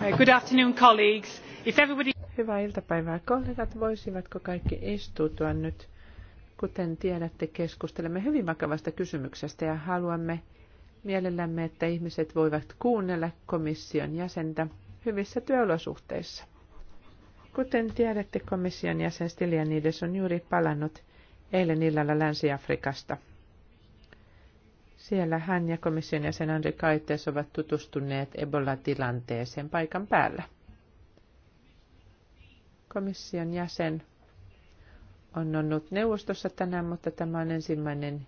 Uh, Hyvää iltapäivää kollegat. Voisivatko kaikki istuutua nyt? Kuten tiedätte, keskustelemme hyvin vakavasta kysymyksestä ja haluamme mielellämme, että ihmiset voivat kuunnella komission jäsentä hyvissä työolosuhteissa. Kuten tiedätte, komission jäsen Stylianides on juuri palannut eilen illalla Länsi-Afrikasta – siellä hän ja komission jäsen Andri Kaites ovat tutustuneet Ebola-tilanteeseen paikan päällä. Komission jäsen on ollut neuvostossa tänään, mutta tämä on ensimmäinen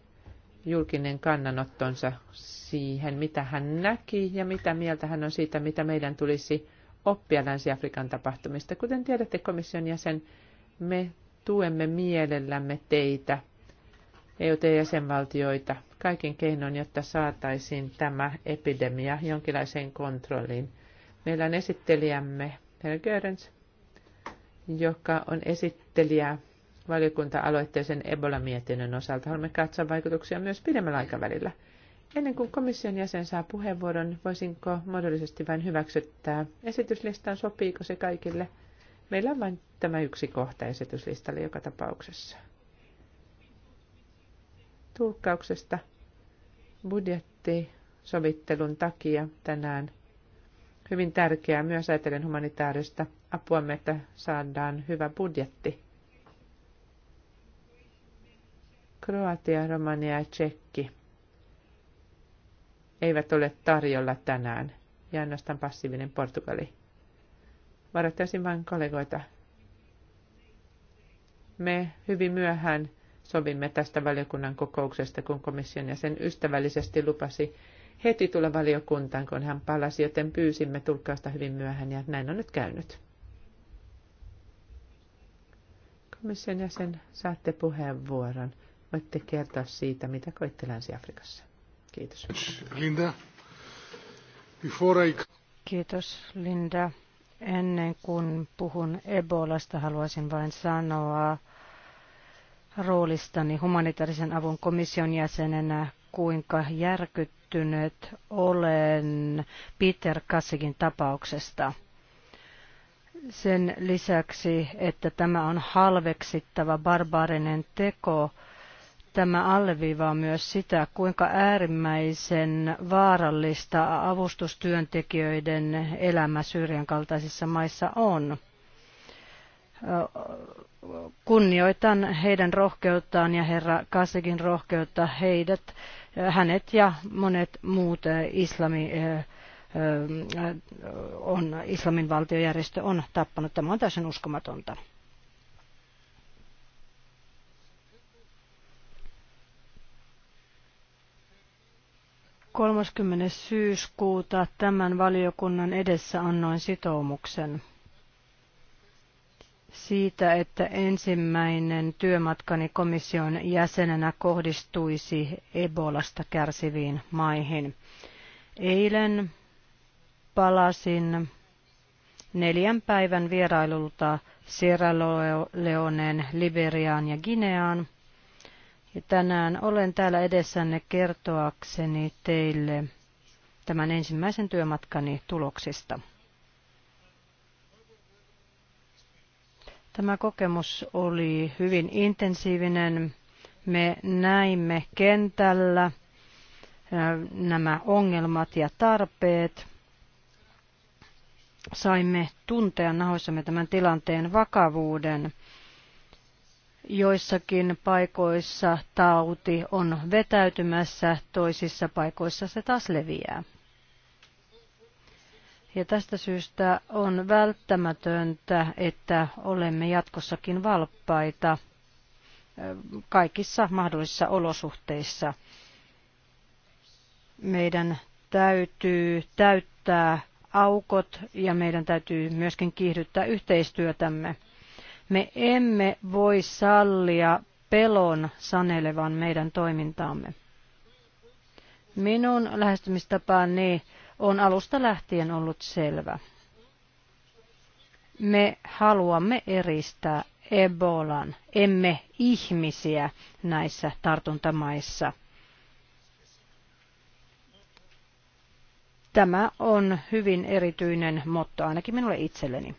julkinen kannanottonsa siihen, mitä hän näki ja mitä mieltä hän on siitä, mitä meidän tulisi oppia Länsi-Afrikan tapahtumista. Kuten tiedätte komission jäsen, me tuemme mielellämme teitä – EU-jäsenvaltioita kaiken keinon, jotta saataisiin tämä epidemia jonkinlaiseen kontrolliin. Meillä on esittelijämme Herr Görens, joka on esittelijä valiokunta-aloitteisen Ebola-mietinnön osalta. Haluamme katsoa vaikutuksia myös pidemmällä aikavälillä. Ennen kuin komission jäsen saa puheenvuoron, voisinko mahdollisesti vain hyväksyttää esityslistan, sopiiko se kaikille? Meillä on vain tämä yksi kohta esityslistalle joka tapauksessa tulkkauksesta budjettisovittelun takia tänään. Hyvin tärkeää myös ajatellen humanitaarista apuamme, että saadaan hyvä budjetti. Kroatia, Romania ja Tsekki eivät ole tarjolla tänään, ja ainoastaan passiivinen Portugali. Varoittaisin vain kollegoita. Me hyvin myöhään sovimme tästä valiokunnan kokouksesta, kun komission jäsen ystävällisesti lupasi heti tulla valiokuntaan, kun hän palasi, joten pyysimme tulkkausta hyvin myöhään ja näin on nyt käynyt. Komission jäsen, saatte puheenvuoron. Voitte kertoa siitä, mitä koitte Länsi-Afrikassa. Kiitos. Linda. Before I... Kiitos, Linda. Ennen kuin puhun Ebolasta, haluaisin vain sanoa, roolistani humanitaarisen avun komission jäsenenä, kuinka järkyttynyt olen Peter Kassikin tapauksesta. Sen lisäksi, että tämä on halveksittava barbaarinen teko, tämä alleviivaa myös sitä, kuinka äärimmäisen vaarallista avustustyöntekijöiden elämä Syyrian kaltaisissa maissa on Kunnioitan heidän rohkeuttaan ja herra Kasekin rohkeutta heidät, hänet ja monet muut eh, islami, eh, eh, on, islamin valtiojärjestö on tappanut. Tämä on täysin uskomatonta. kolmaskymmenes syyskuuta tämän valiokunnan edessä annoin sitoumuksen siitä, että ensimmäinen työmatkani komission jäsenenä kohdistuisi Ebolasta kärsiviin maihin. Eilen palasin neljän päivän vierailulta Sierra Leoneen, Liberiaan ja Gineaan. Ja tänään olen täällä edessänne kertoakseni teille tämän ensimmäisen työmatkani tuloksista. Tämä kokemus oli hyvin intensiivinen. Me näimme kentällä äh, nämä ongelmat ja tarpeet. Saimme tuntea nahoissamme tämän tilanteen vakavuuden. Joissakin paikoissa tauti on vetäytymässä, toisissa paikoissa se taas leviää. Ja tästä syystä on välttämätöntä, että olemme jatkossakin valppaita kaikissa mahdollisissa olosuhteissa. Meidän täytyy täyttää aukot ja meidän täytyy myöskin kiihdyttää yhteistyötämme. Me emme voi sallia pelon sanelevan meidän toimintaamme. Minun lähestymistapaani on alusta lähtien ollut selvä. Me haluamme eristää Ebolan, emme ihmisiä näissä tartuntamaissa. Tämä on hyvin erityinen motto ainakin minulle itselleni.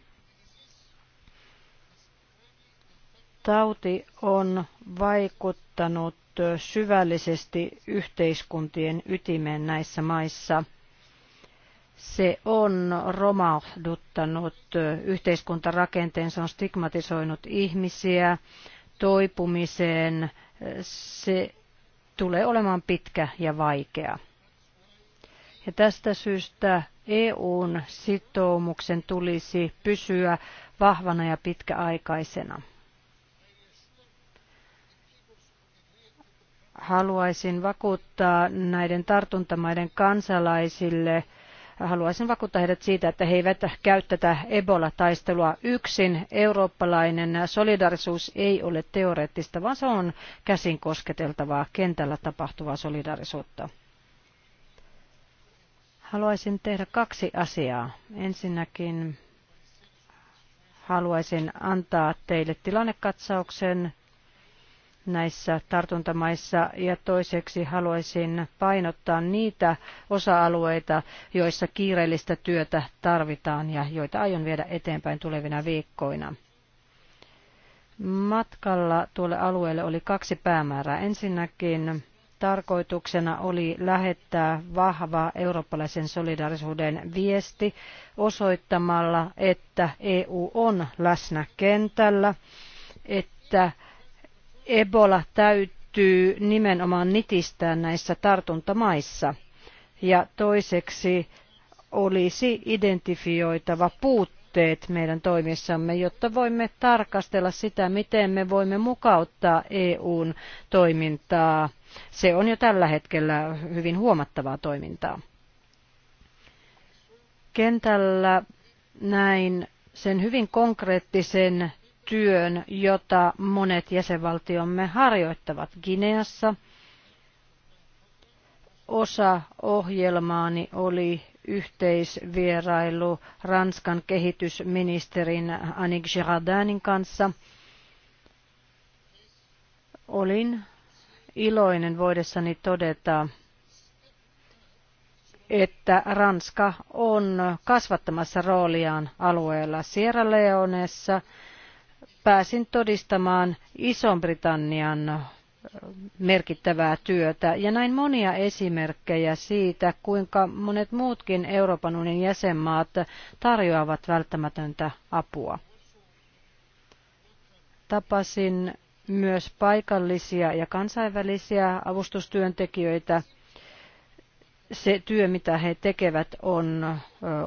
Tauti on vaikuttanut syvällisesti yhteiskuntien ytimeen näissä maissa – se on romahduttanut yhteiskuntarakenteen, se on stigmatisoinut ihmisiä toipumiseen. Se tulee olemaan pitkä ja vaikea. Ja tästä syystä EUn sitoumuksen tulisi pysyä vahvana ja pitkäaikaisena. Haluaisin vakuuttaa näiden tartuntamaiden kansalaisille, Haluaisin vakuuttaa heidät siitä, että he eivät käy tätä Ebola-taistelua yksin. Eurooppalainen solidarisuus ei ole teoreettista, vaan se on käsin kosketeltavaa kentällä tapahtuvaa solidarisuutta. Haluaisin tehdä kaksi asiaa. Ensinnäkin haluaisin antaa teille tilannekatsauksen näissä tartuntamaissa ja toiseksi haluaisin painottaa niitä osa-alueita, joissa kiireellistä työtä tarvitaan ja joita aion viedä eteenpäin tulevina viikkoina. Matkalla tuolle alueelle oli kaksi päämäärää. Ensinnäkin tarkoituksena oli lähettää vahva eurooppalaisen solidaarisuuden viesti osoittamalla, että EU on läsnä kentällä, että Ebola täytyy nimenomaan nitistää näissä tartuntamaissa. Ja toiseksi olisi identifioitava puutteet meidän toimissamme, jotta voimme tarkastella sitä, miten me voimme mukauttaa EUn toimintaa. Se on jo tällä hetkellä hyvin huomattavaa toimintaa. Kentällä näin sen hyvin konkreettisen työn, jota monet jäsenvaltiomme harjoittavat Gineassa. Osa ohjelmaani oli yhteisvierailu Ranskan kehitysministerin Annick Girardinin kanssa. Olin iloinen voidessani todeta, että Ranska on kasvattamassa rooliaan alueella Sierra Leoneessa – pääsin todistamaan Ison-Britannian merkittävää työtä ja näin monia esimerkkejä siitä, kuinka monet muutkin Euroopan unionin jäsenmaat tarjoavat välttämätöntä apua. Tapasin myös paikallisia ja kansainvälisiä avustustyöntekijöitä. Se työ, mitä he tekevät, on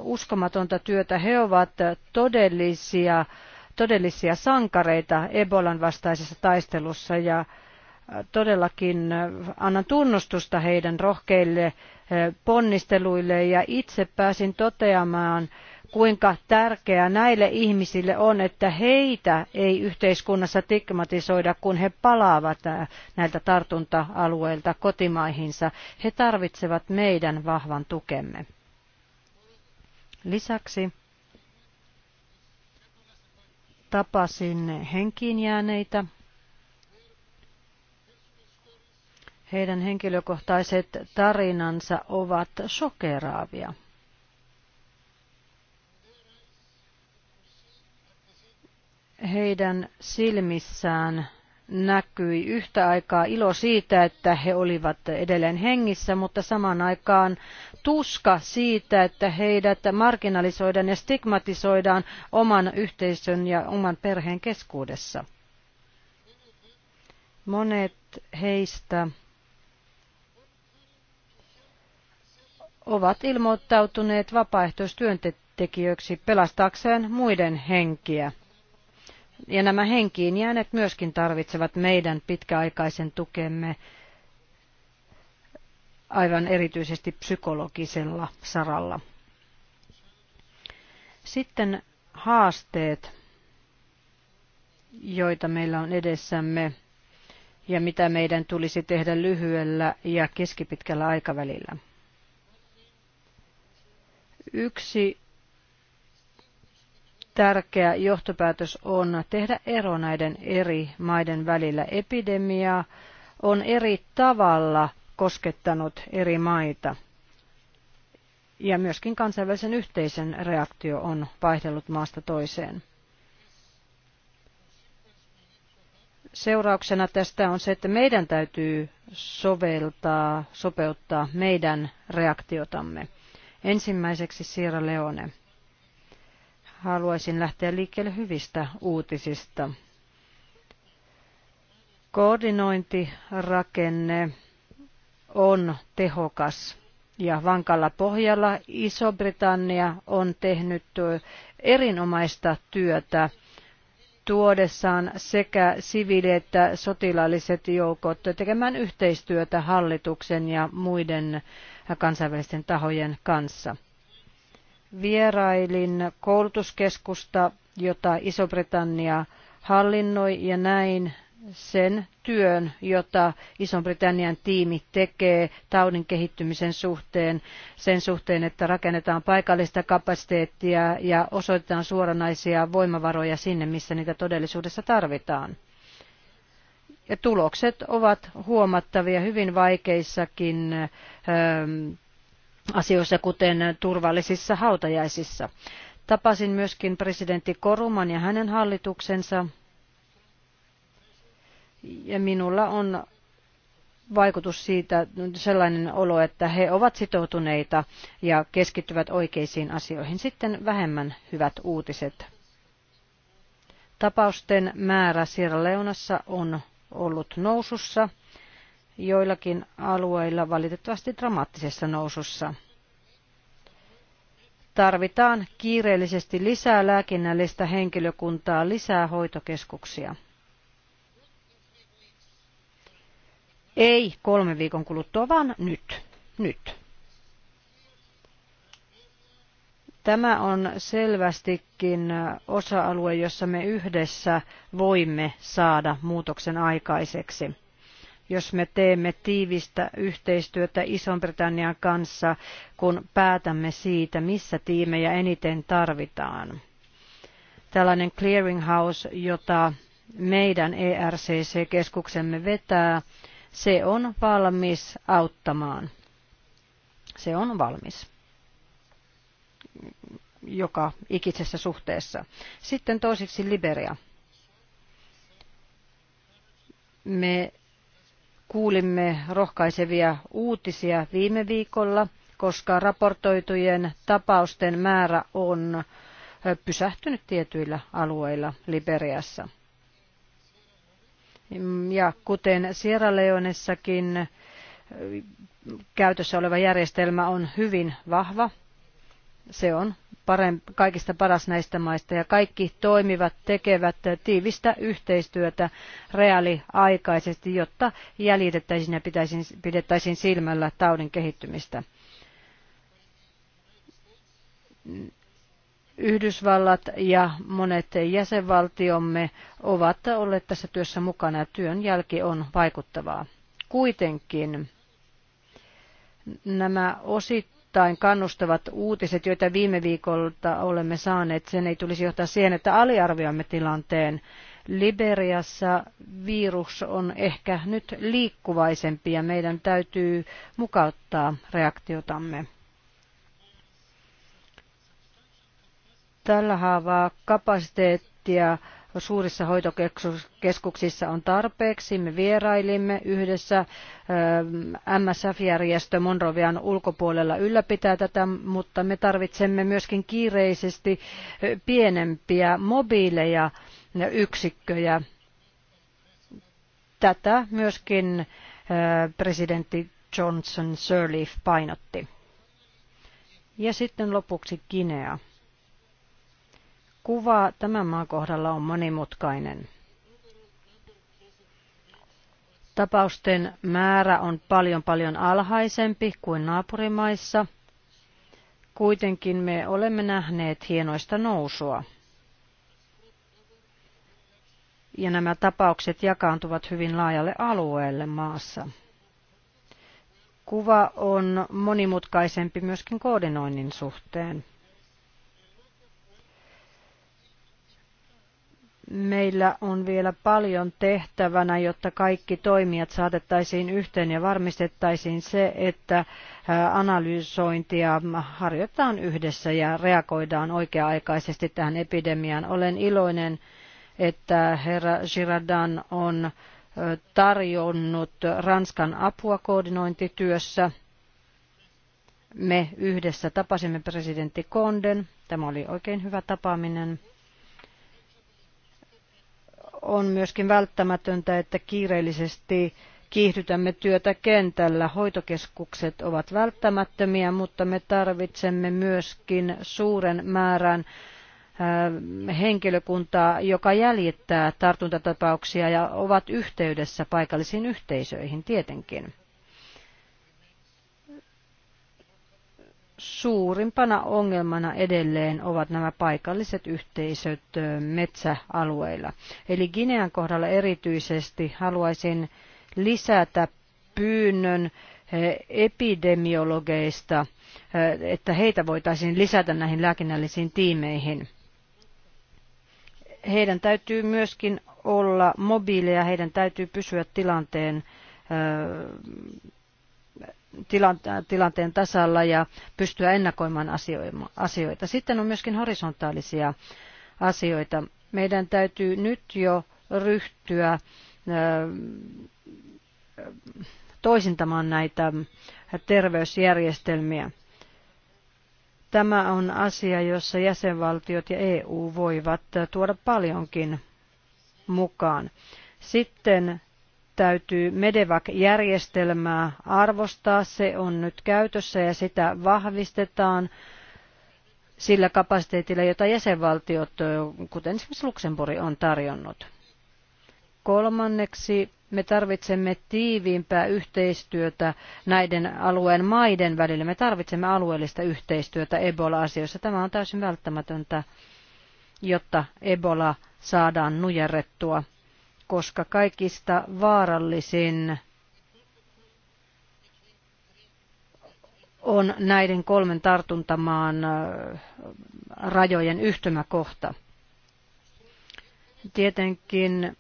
uskomatonta työtä. He ovat todellisia todellisia sankareita Ebolan vastaisessa taistelussa ja äh, todellakin äh, annan tunnustusta heidän rohkeille äh, ponnisteluille ja itse pääsin toteamaan, kuinka tärkeää näille ihmisille on, että heitä ei yhteiskunnassa stigmatisoida, kun he palaavat näiltä tartunta-alueilta kotimaihinsa. He tarvitsevat meidän vahvan tukemme. Lisäksi tapasin henkiin jääneitä. Heidän henkilökohtaiset tarinansa ovat sokeraavia. Heidän silmissään näkyi yhtä aikaa ilo siitä, että he olivat edelleen hengissä, mutta samaan aikaan tuska siitä, että heidät marginalisoidaan ja stigmatisoidaan oman yhteisön ja oman perheen keskuudessa. Monet heistä ovat ilmoittautuneet vapaaehtoistyöntekijöiksi pelastaakseen muiden henkiä ja nämä henkiin jääneet myöskin tarvitsevat meidän pitkäaikaisen tukemme aivan erityisesti psykologisella saralla. Sitten haasteet, joita meillä on edessämme ja mitä meidän tulisi tehdä lyhyellä ja keskipitkällä aikavälillä. Yksi tärkeä johtopäätös on tehdä ero näiden eri maiden välillä. Epidemia on eri tavalla koskettanut eri maita. Ja myöskin kansainvälisen yhteisen reaktio on vaihdellut maasta toiseen. Seurauksena tästä on se, että meidän täytyy soveltaa, sopeuttaa meidän reaktiotamme. Ensimmäiseksi Sierra Leone haluaisin lähteä liikkeelle hyvistä uutisista. Koordinointirakenne on tehokas ja vankalla pohjalla. Iso-Britannia on tehnyt erinomaista työtä tuodessaan sekä siviili- että sotilaalliset joukot tekemään yhteistyötä hallituksen ja muiden kansainvälisten tahojen kanssa vierailin koulutuskeskusta, jota Iso-Britannia hallinnoi ja näin sen työn, jota Iso-Britannian tiimi tekee taudin kehittymisen suhteen, sen suhteen, että rakennetaan paikallista kapasiteettia ja osoitetaan suoranaisia voimavaroja sinne, missä niitä todellisuudessa tarvitaan. Ja tulokset ovat huomattavia hyvin vaikeissakin ähm, asioissa, kuten turvallisissa hautajaisissa. Tapasin myöskin presidentti Koruman ja hänen hallituksensa. Ja minulla on vaikutus siitä sellainen olo, että he ovat sitoutuneita ja keskittyvät oikeisiin asioihin. Sitten vähemmän hyvät uutiset. Tapausten määrä Sierra Leonassa on ollut nousussa – joillakin alueilla valitettavasti dramaattisessa nousussa. Tarvitaan kiireellisesti lisää lääkinnällistä henkilökuntaa, lisää hoitokeskuksia. Ei kolme viikon kuluttua, vaan nyt. Nyt. Tämä on selvästikin osa-alue, jossa me yhdessä voimme saada muutoksen aikaiseksi jos me teemme tiivistä yhteistyötä Ison-Britannian kanssa, kun päätämme siitä, missä tiimejä eniten tarvitaan. Tällainen clearinghouse, jota meidän ERCC-keskuksemme vetää, se on valmis auttamaan. Se on valmis joka ikisessä suhteessa. Sitten toiseksi Liberia. Me kuulimme rohkaisevia uutisia viime viikolla, koska raportoitujen tapausten määrä on pysähtynyt tietyillä alueilla Liberiassa. Ja kuten Sierra Leonessakin käytössä oleva järjestelmä on hyvin vahva, se on parempi, kaikista paras näistä maista ja kaikki toimivat tekevät tiivistä yhteistyötä reaaliaikaisesti, jotta jäljitettäisiin ja pitäisiin, pidettäisiin silmällä taudin kehittymistä. Yhdysvallat ja monet jäsenvaltiomme ovat olleet tässä työssä mukana ja työn jälki on vaikuttavaa. Kuitenkin nämä osit osittain kannustavat uutiset, joita viime viikolta olemme saaneet, sen ei tulisi johtaa siihen, että aliarvioimme tilanteen. Liberiassa virus on ehkä nyt liikkuvaisempi ja meidän täytyy mukauttaa reaktiotamme. Tällä haavaa kapasiteettia suurissa hoitokeskuksissa on tarpeeksi. Me vierailimme yhdessä. MSF-järjestö ähm, Monrovian ulkopuolella ylläpitää tätä, mutta me tarvitsemme myöskin kiireisesti äh, pienempiä mobiileja yksikköjä. Tätä myöskin äh, presidentti Johnson Sirleaf painotti. Ja sitten lopuksi Guinea kuva tämän maan kohdalla on monimutkainen. Tapausten määrä on paljon paljon alhaisempi kuin naapurimaissa. Kuitenkin me olemme nähneet hienoista nousua. Ja nämä tapaukset jakaantuvat hyvin laajalle alueelle maassa. Kuva on monimutkaisempi myöskin koordinoinnin suhteen. meillä on vielä paljon tehtävänä, jotta kaikki toimijat saatettaisiin yhteen ja varmistettaisiin se, että analysointia harjoitetaan yhdessä ja reagoidaan oikea-aikaisesti tähän epidemiaan. Olen iloinen, että herra Girardan on tarjonnut Ranskan apua koordinointityössä. Me yhdessä tapasimme presidentti Konden. Tämä oli oikein hyvä tapaaminen on myöskin välttämätöntä, että kiireellisesti kiihdytämme työtä kentällä. Hoitokeskukset ovat välttämättömiä, mutta me tarvitsemme myöskin suuren määrän äh, henkilökuntaa, joka jäljittää tartuntatapauksia ja ovat yhteydessä paikallisiin yhteisöihin tietenkin. suurimpana ongelmana edelleen ovat nämä paikalliset yhteisöt metsäalueilla. Eli Ginean kohdalla erityisesti haluaisin lisätä pyynnön epidemiologeista, että heitä voitaisiin lisätä näihin lääkinnällisiin tiimeihin. Heidän täytyy myöskin olla mobiileja, heidän täytyy pysyä tilanteen tilanteen tasalla ja pystyä ennakoimaan asioita. Sitten on myöskin horisontaalisia asioita. Meidän täytyy nyt jo ryhtyä toisintamaan näitä terveysjärjestelmiä. Tämä on asia, jossa jäsenvaltiot ja EU voivat tuoda paljonkin mukaan. Sitten täytyy Medevac-järjestelmää arvostaa. Se on nyt käytössä ja sitä vahvistetaan sillä kapasiteetilla, jota jäsenvaltiot, kuten esimerkiksi Luxemburg, on tarjonnut. Kolmanneksi me tarvitsemme tiiviimpää yhteistyötä näiden alueen maiden välillä. Me tarvitsemme alueellista yhteistyötä Ebola-asioissa. Tämä on täysin välttämätöntä, jotta Ebola saadaan nujerrettua koska kaikista vaarallisin on näiden kolmen tartuntamaan rajojen yhtymäkohta. Tietenkin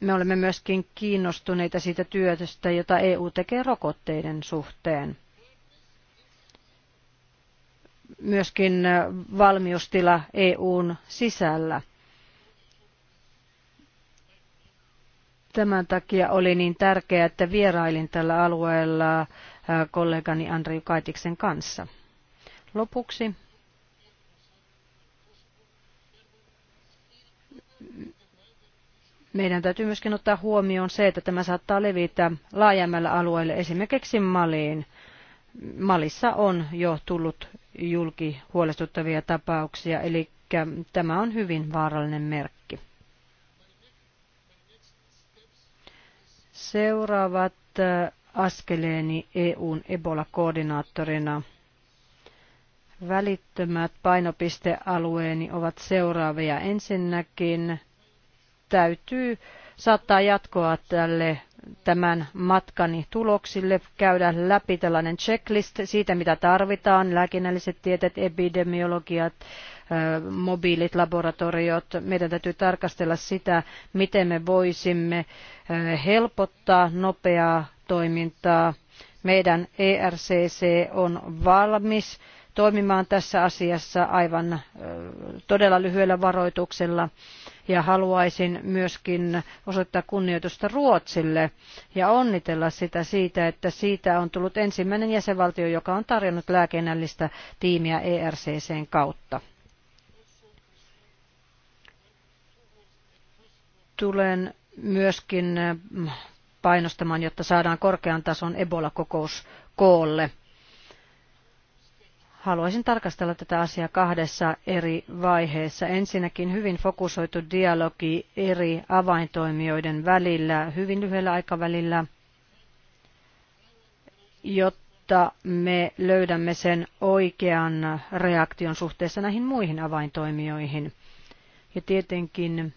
me olemme myöskin kiinnostuneita siitä työstä, jota EU tekee rokotteiden suhteen. Myöskin valmiustila EUn sisällä – Tämän takia oli niin tärkeää, että vierailin tällä alueella äh, kollegani Andri Kaitiksen kanssa. Lopuksi meidän täytyy myöskin ottaa huomioon se, että tämä saattaa levitä laajemmalle alueelle, esimerkiksi Maliin. Malissa on jo tullut julki huolestuttavia tapauksia, eli tämä on hyvin vaarallinen merkki. Seuraavat äh, askeleeni EUn Ebola-koordinaattorina välittömät painopistealueeni ovat seuraavia. Ensinnäkin täytyy saattaa jatkoa tälle tämän matkani tuloksille, käydä läpi tällainen checklist siitä, mitä tarvitaan, lääkinnälliset tieteet, epidemiologiat, mobiilit laboratoriot. Meidän täytyy tarkastella sitä, miten me voisimme helpottaa nopeaa toimintaa. Meidän ERCC on valmis toimimaan tässä asiassa aivan todella lyhyellä varoituksella. Ja haluaisin myöskin osoittaa kunnioitusta Ruotsille ja onnitella sitä siitä, että siitä on tullut ensimmäinen jäsenvaltio, joka on tarjonnut lääkennällistä tiimiä ERCCn kautta. tulen myöskin mm, painostamaan, jotta saadaan korkean tason Ebola-kokous koolle. Haluaisin tarkastella tätä asiaa kahdessa eri vaiheessa. Ensinnäkin hyvin fokusoitu dialogi eri avaintoimijoiden välillä, hyvin lyhyellä aikavälillä, jotta me löydämme sen oikean reaktion suhteessa näihin muihin avaintoimijoihin. Ja tietenkin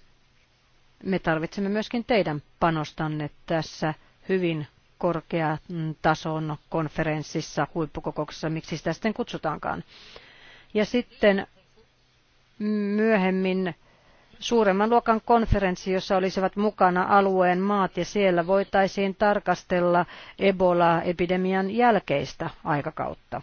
me tarvitsemme myöskin teidän panostanne tässä hyvin korkean tason konferenssissa, huippukokouksessa, miksi sitä sitten kutsutaankaan. Ja sitten myöhemmin suuremman luokan konferenssi, jossa olisivat mukana alueen maat ja siellä voitaisiin tarkastella Ebola-epidemian jälkeistä aikakautta.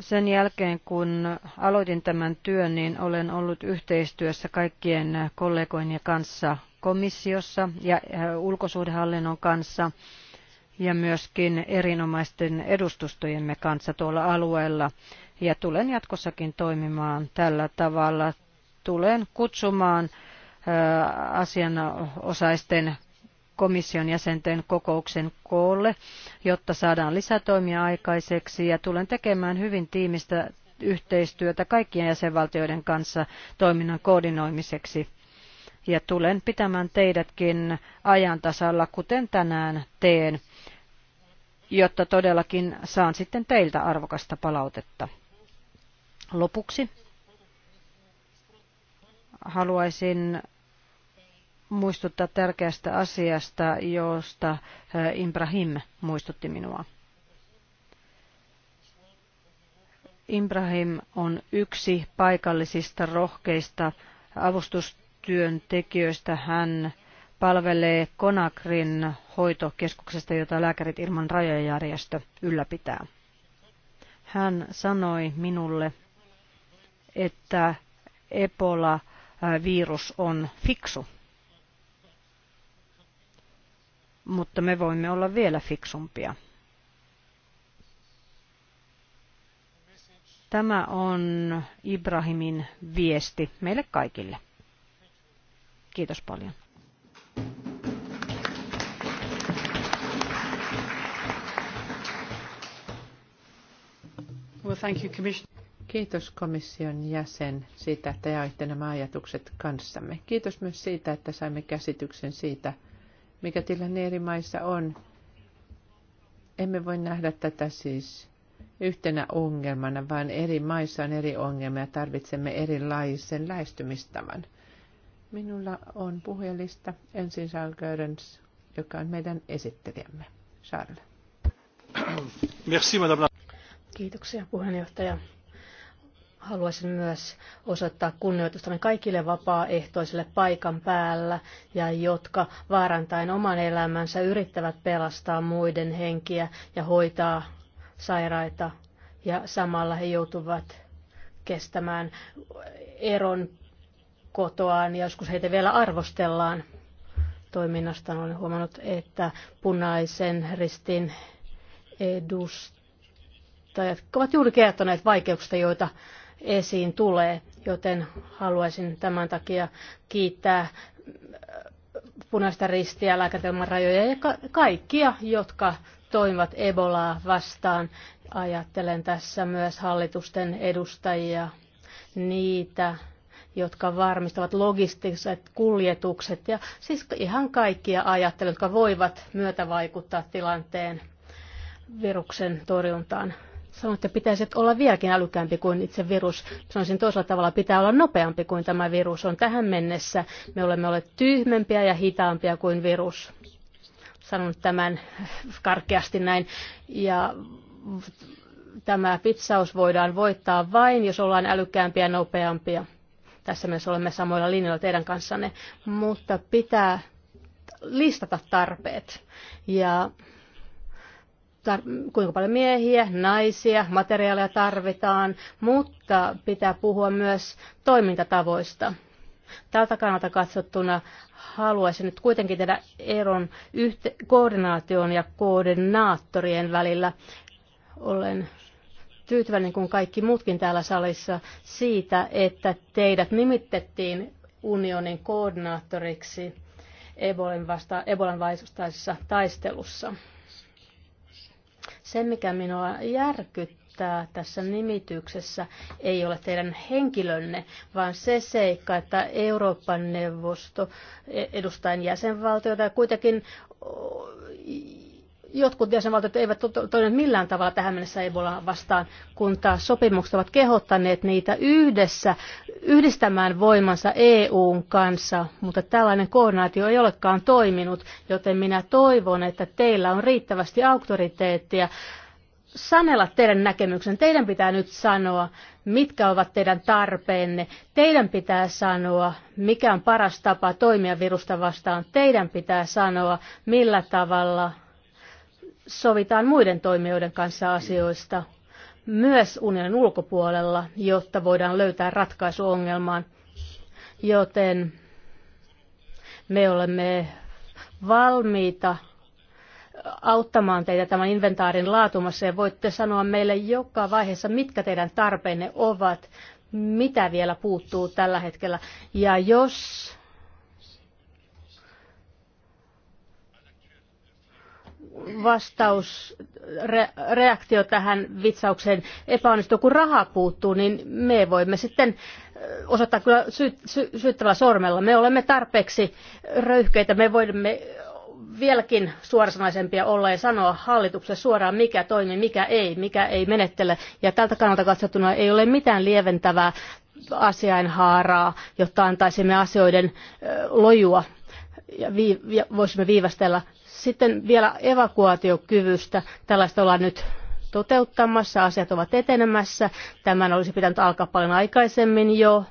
Sen jälkeen, kun aloitin tämän työn, niin olen ollut yhteistyössä kaikkien kollegojen kanssa komissiossa ja äh, ulkosuhdehallinnon kanssa ja myöskin erinomaisten edustustojemme kanssa tuolla alueella. Ja tulen jatkossakin toimimaan tällä tavalla. Tulen kutsumaan äh, asianosaisten komission jäsenten kokouksen koolle, jotta saadaan lisätoimia aikaiseksi ja tulen tekemään hyvin tiimistä yhteistyötä kaikkien jäsenvaltioiden kanssa toiminnan koordinoimiseksi. Ja tulen pitämään teidätkin ajan tasalla, kuten tänään teen, jotta todellakin saan sitten teiltä arvokasta palautetta. Lopuksi haluaisin muistuttaa tärkeästä asiasta, josta Ibrahim muistutti minua. Ibrahim on yksi paikallisista rohkeista avustustyöntekijöistä. Hän palvelee Konakrin hoitokeskuksesta, jota Lääkärit ilman rajajärjestö ylläpitää. Hän sanoi minulle, että Ebola-virus on fiksu mutta me voimme olla vielä fiksumpia. Tämä on Ibrahimin viesti meille kaikille. Kiitos paljon. Well, thank you, Kiitos komission jäsen siitä, että jaoitte nämä ajatukset kanssamme. Kiitos myös siitä, että saimme käsityksen siitä, mikä tilanne eri maissa on. Emme voi nähdä tätä siis yhtenä ongelmana, vaan eri maissa on eri ongelmia ja tarvitsemme erilaisen lähestymistavan. Minulla on puhelista ensin Charles Görens, joka on meidän esittelijämme. Charles. Merci, madame. Kiitoksia puheenjohtaja haluaisin myös osoittaa kunnioitustamme kaikille vapaaehtoisille paikan päällä ja jotka vaarantaen oman elämänsä yrittävät pelastaa muiden henkiä ja hoitaa sairaita ja samalla he joutuvat kestämään eron kotoaan ja joskus heitä vielä arvostellaan toiminnasta. Olen huomannut, että punaisen ristin edustajat ovat juuri kertoneet vaikeuksista, joita esiin tulee, joten haluaisin tämän takia kiittää punaista ristiä, lääkätelman rajoja ja ka- kaikkia, jotka toimivat Ebolaa vastaan. Ajattelen tässä myös hallitusten edustajia, niitä, jotka varmistavat logistiset kuljetukset ja siis ihan kaikkia ajattelijoita, jotka voivat myötävaikuttaa tilanteen viruksen torjuntaan sanoitte, että pitäisi olla vieläkin älykkäämpi kuin itse virus. Sanoisin toisella tavalla, pitää olla nopeampi kuin tämä virus on tähän mennessä. Me olemme olleet tyhmempiä ja hitaampia kuin virus. Sanon tämän karkeasti näin. Ja tämä pitsaus voidaan voittaa vain, jos ollaan älykkäämpiä ja nopeampia. Tässä mielessä olemme samoilla linjoilla teidän kanssanne, mutta pitää listata tarpeet. Ja kuinka paljon miehiä, naisia, materiaaleja tarvitaan, mutta pitää puhua myös toimintatavoista. Tältä kannalta katsottuna haluaisin nyt kuitenkin tehdä eron yhte- koordinaation ja koordinaattorien välillä. Olen tyytyväinen kuin kaikki muutkin täällä salissa siitä, että teidät nimitettiin unionin koordinaattoriksi Ebolan, vasta- Ebolan vastaisessa taistelussa. Se, mikä minua järkyttää tässä nimityksessä, ei ole teidän henkilönne, vaan se seikka, että Euroopan neuvosto e- edustaa jäsenvaltioita ja kuitenkin jotkut jäsenvaltiot eivät toimineet millään tavalla tähän mennessä Ebolaan vastaan, kun taas sopimukset ovat kehottaneet niitä yhdessä yhdistämään voimansa EUn kanssa, mutta tällainen koordinaatio ei olekaan toiminut, joten minä toivon, että teillä on riittävästi auktoriteettia sanella teidän näkemyksen. Teidän pitää nyt sanoa, mitkä ovat teidän tarpeenne. Teidän pitää sanoa, mikä on paras tapa toimia virusta vastaan. Teidän pitää sanoa, millä tavalla sovitaan muiden toimijoiden kanssa asioista myös unionin ulkopuolella, jotta voidaan löytää ratkaisu ongelmaan. Joten me olemme valmiita auttamaan teitä tämän inventaarin laatumassa ja voitte sanoa meille joka vaiheessa, mitkä teidän tarpeenne ovat, mitä vielä puuttuu tällä hetkellä. Ja jos vastausreaktio tähän vitsaukseen epäonnistuu, kun rahaa puuttuu, niin me voimme sitten osoittaa kyllä sy- sy- syyttävällä sormella. Me olemme tarpeeksi röyhkeitä, me voimme vieläkin suorasanaisempia olla ja sanoa hallitukselle suoraan, mikä toimii, mikä ei, mikä ei menettele. Ja tältä kannalta katsottuna ei ole mitään lieventävää asiainhaaraa, jotta antaisimme asioiden lojua ja, vii- ja voisimme viivästellä sitten vielä evakuaatiokyvystä. Tällaista ollaan nyt toteuttamassa, asiat ovat etenemässä. Tämän olisi pitänyt alkaa paljon aikaisemmin jo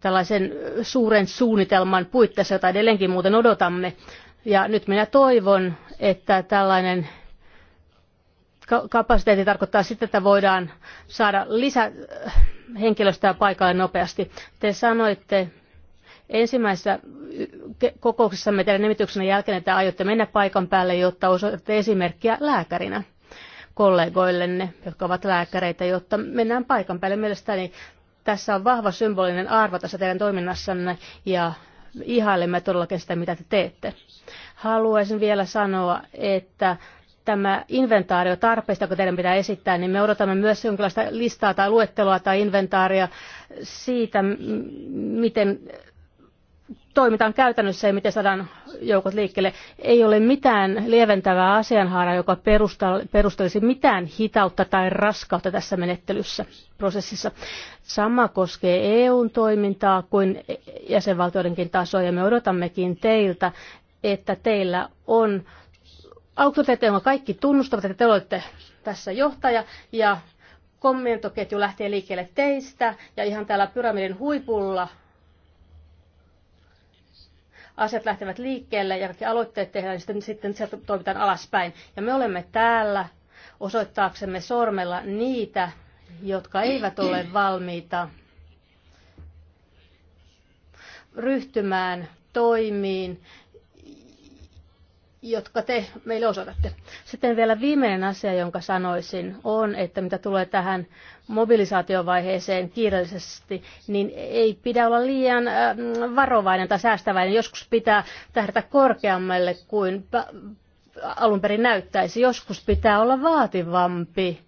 tällaisen suuren suunnitelman puitteissa, jota edelleenkin muuten odotamme. Ja nyt minä toivon, että tällainen kapasiteetti tarkoittaa sitä, että voidaan saada lisää henkilöstöä paikalle nopeasti. Te sanoitte, ensimmäisessä kokouksessamme teidän nimityksenne jälkeen, että aiotte mennä paikan päälle, jotta osoitatte esimerkkiä lääkärinä kollegoillenne, jotka ovat lääkäreitä, jotta mennään paikan päälle. Mielestäni tässä on vahva symbolinen arvo tässä teidän toiminnassanne ja ihailemme todellakin sitä, mitä te teette. Haluaisin vielä sanoa, että tämä inventaario tarpeista, joka teidän pitää esittää, niin me odotamme myös jonkinlaista listaa tai luetteloa tai inventaaria siitä, miten toimitaan käytännössä ja miten saadaan joukot liikkeelle. Ei ole mitään lieventävää asianhaaraa, joka perustelisi mitään hitautta tai raskautta tässä menettelyssä, prosessissa. Sama koskee EUn toimintaa kuin jäsenvaltioidenkin tasoa ja me odotammekin teiltä, että teillä on auktoriteetti, jonka kaikki tunnustavat, että te olette tässä johtaja ja kommentoketju lähtee liikkeelle teistä ja ihan täällä pyramidin huipulla asiat lähtevät liikkeelle ja kaikki aloitteet tehdään, niin sitten, sitten sieltä toimitaan alaspäin. Ja me olemme täällä osoittaaksemme sormella niitä, jotka eivät ole valmiita ryhtymään toimiin, jotka te meille osoitatte. Sitten vielä viimeinen asia, jonka sanoisin, on, että mitä tulee tähän mobilisaatiovaiheeseen kiireellisesti, niin ei pidä olla liian äh, varovainen tai säästäväinen. Joskus pitää tähdätä korkeammalle kuin alun perin näyttäisi. Joskus pitää olla vaativampi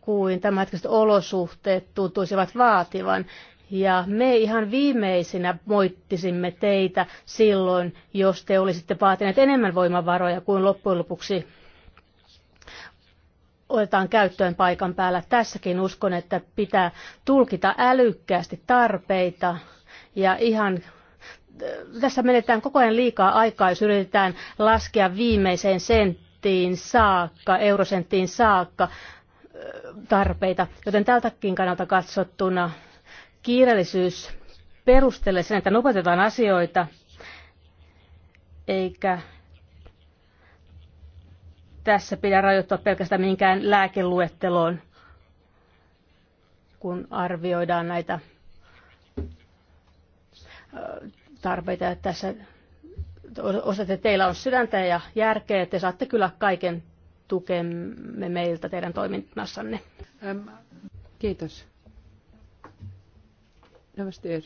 kuin tämänhetkiset olosuhteet tuntuisivat vaativan. Ja me ihan viimeisinä moittisimme teitä silloin, jos te olisitte vaatineet enemmän voimavaroja kuin loppujen lopuksi otetaan käyttöön paikan päällä. Tässäkin uskon, että pitää tulkita älykkäästi tarpeita ja ihan äh, tässä menetään koko ajan liikaa aikaa, jos yritetään laskea viimeiseen senttiin saakka, eurosenttiin saakka äh, tarpeita. Joten tältäkin kannalta katsottuna kiireellisyys perustelee sen, että nopeutetaan asioita, eikä tässä pidä rajoittaa pelkästään minkään lääkeluetteloon, kun arvioidaan näitä tarpeita. Tässä että teillä on sydäntä ja järkeä, te saatte kyllä kaiken tukemme meiltä teidän toiminnassanne. Kiitos. Navastyr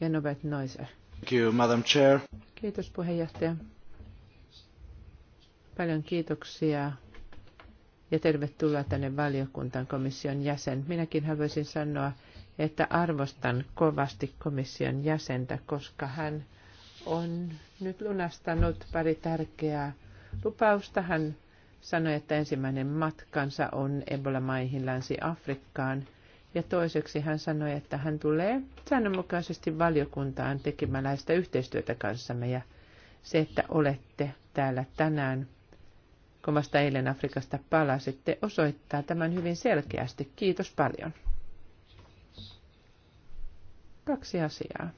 ja Norbert Noiser. Thank you, Madam Chair. Kiitos puheenjohtaja. Paljon kiitoksia ja tervetuloa tänne valiokuntaan komission jäsen. Minäkin haluaisin sanoa, että arvostan kovasti komission jäsentä, koska hän on nyt lunastanut pari tärkeää lupausta. Hän sanoi, että ensimmäinen matkansa on Ebola-maihin Länsi-Afrikkaan – ja toiseksi hän sanoi, että hän tulee säännönmukaisesti valiokuntaan tekemään yhteistyötä kanssamme. Ja se, että olette täällä tänään, kun vasta eilen Afrikasta palasitte, osoittaa tämän hyvin selkeästi. Kiitos paljon. Kaksi asiaa.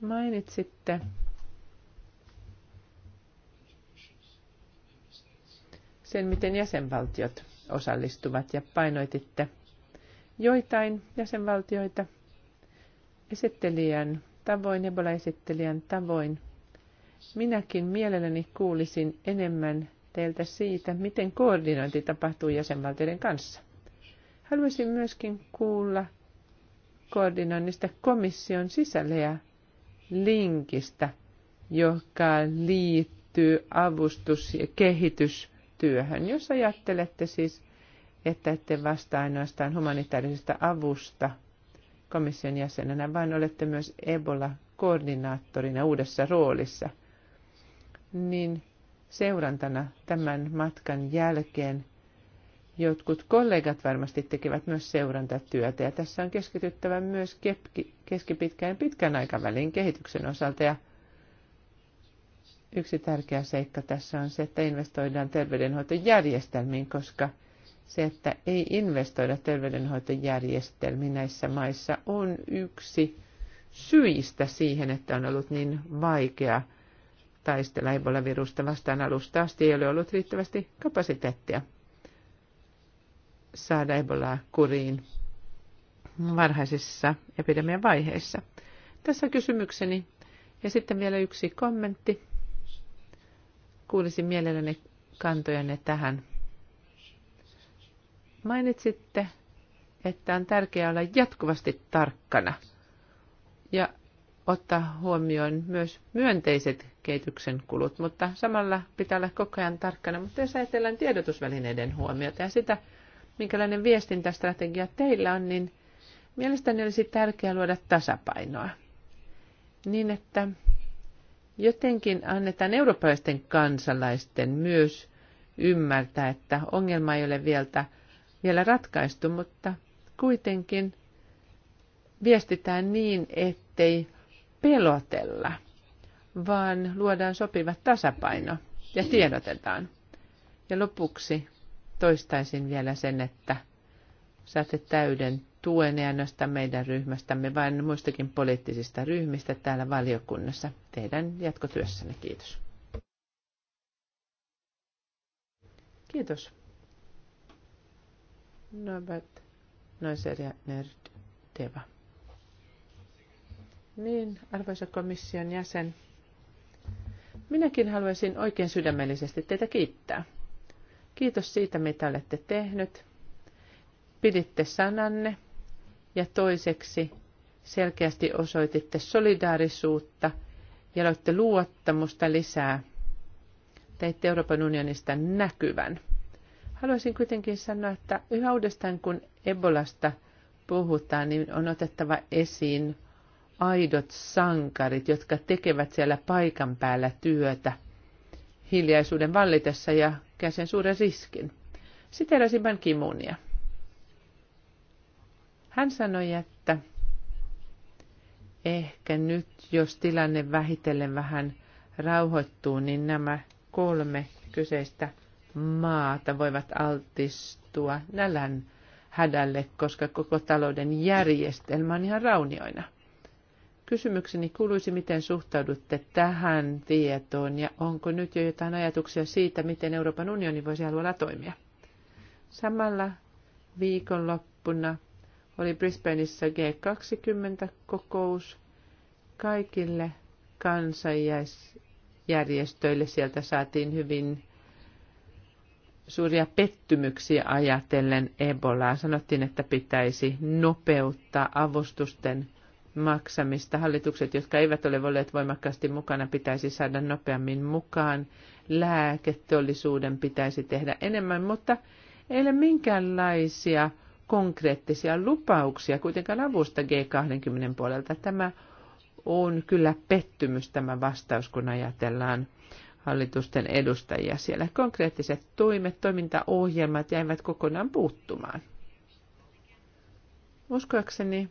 Mainitsitte sen, miten jäsenvaltiot osallistuvat ja painoititte joitain jäsenvaltioita esittelijän tavoin, Ebola-esittelijän tavoin. Minäkin mielelläni kuulisin enemmän teiltä siitä, miten koordinointi tapahtuu jäsenvaltioiden kanssa. Haluaisin myöskin kuulla koordinoinnista komission sisällä ja linkistä, joka liittyy avustus- ja kehitystyöhön. Jos ajattelette siis että ette vastaa ainoastaan humanitaarisesta avusta komission jäsenenä, vaan olette myös Ebola-koordinaattorina uudessa roolissa. Niin seurantana tämän matkan jälkeen jotkut kollegat varmasti tekevät myös seurantatyötä ja tässä on keskityttävä myös keskipitkään ja pitkän aikavälin kehityksen osalta ja yksi tärkeä seikka tässä on se, että investoidaan terveydenhoitojärjestelmiin, koska – se, että ei investoida terveydenhoitojärjestelmiin näissä maissa, on yksi syistä siihen, että on ollut niin vaikea taistella Ebola-virusta vastaan alusta asti. Ei ole ollut riittävästi kapasiteettia saada Ebolaa kuriin varhaisissa epidemian vaiheissa. Tässä kysymykseni. Ja sitten vielä yksi kommentti. Kuulisin mielelläni kantojanne tähän Mainitsitte, että on tärkeää olla jatkuvasti tarkkana ja ottaa huomioon myös myönteiset kehityksen kulut, mutta samalla pitää olla koko ajan tarkkana. Mutta jos ajatellaan tiedotusvälineiden huomiota ja sitä, minkälainen viestintästrategia teillä on, niin mielestäni olisi tärkeää luoda tasapainoa niin, että jotenkin annetaan eurooppalaisten kansalaisten myös ymmärtää, että ongelma ei ole vielä vielä ratkaistu, mutta kuitenkin viestitään niin, ettei pelotella, vaan luodaan sopiva tasapaino ja tiedotetaan. Ja lopuksi toistaisin vielä sen, että saatte täyden tuen ja ainoastaan meidän ryhmästämme, vaan muistakin poliittisista ryhmistä täällä valiokunnassa teidän jatkotyössänne. Kiitos. Kiitos. Norbert Noiser Nerd Teva. Niin, arvoisa komission jäsen. Minäkin haluaisin oikein sydämellisesti teitä kiittää. Kiitos siitä, mitä olette tehnyt. Piditte sananne ja toiseksi selkeästi osoititte solidaarisuutta ja loitte luottamusta lisää. Teitte Euroopan unionista näkyvän. Haluaisin kuitenkin sanoa, että yhä uudestaan kun Ebolasta puhutaan, niin on otettava esiin aidot sankarit, jotka tekevät siellä paikan päällä työtä hiljaisuuden vallitessa ja käsen suuren riskin. Siteerasin Ban Kimunia. Hän sanoi, että ehkä nyt, jos tilanne vähitellen vähän rauhoittuu, niin nämä kolme kyseistä maata voivat altistua nälän hädälle, koska koko talouden järjestelmä on ihan raunioina. Kysymykseni kuuluisi, miten suhtaudutte tähän tietoon ja onko nyt jo jotain ajatuksia siitä, miten Euroopan unioni voisi alueella toimia. Samalla viikonloppuna oli Brisbaneissa G20-kokous. Kaikille kansanjärjestöille sieltä saatiin hyvin suuria pettymyksiä ajatellen Ebolaa. Sanottiin, että pitäisi nopeuttaa avustusten maksamista. Hallitukset, jotka eivät ole olleet voimakkaasti mukana, pitäisi saada nopeammin mukaan. Lääketeollisuuden pitäisi tehdä enemmän, mutta ei ole minkäänlaisia konkreettisia lupauksia kuitenkaan avusta G20 puolelta. Tämä on kyllä pettymys tämä vastaus, kun ajatellaan hallitusten edustajia siellä. Konkreettiset toimet, toimintaohjelmat jäivät kokonaan puuttumaan. Uskoakseni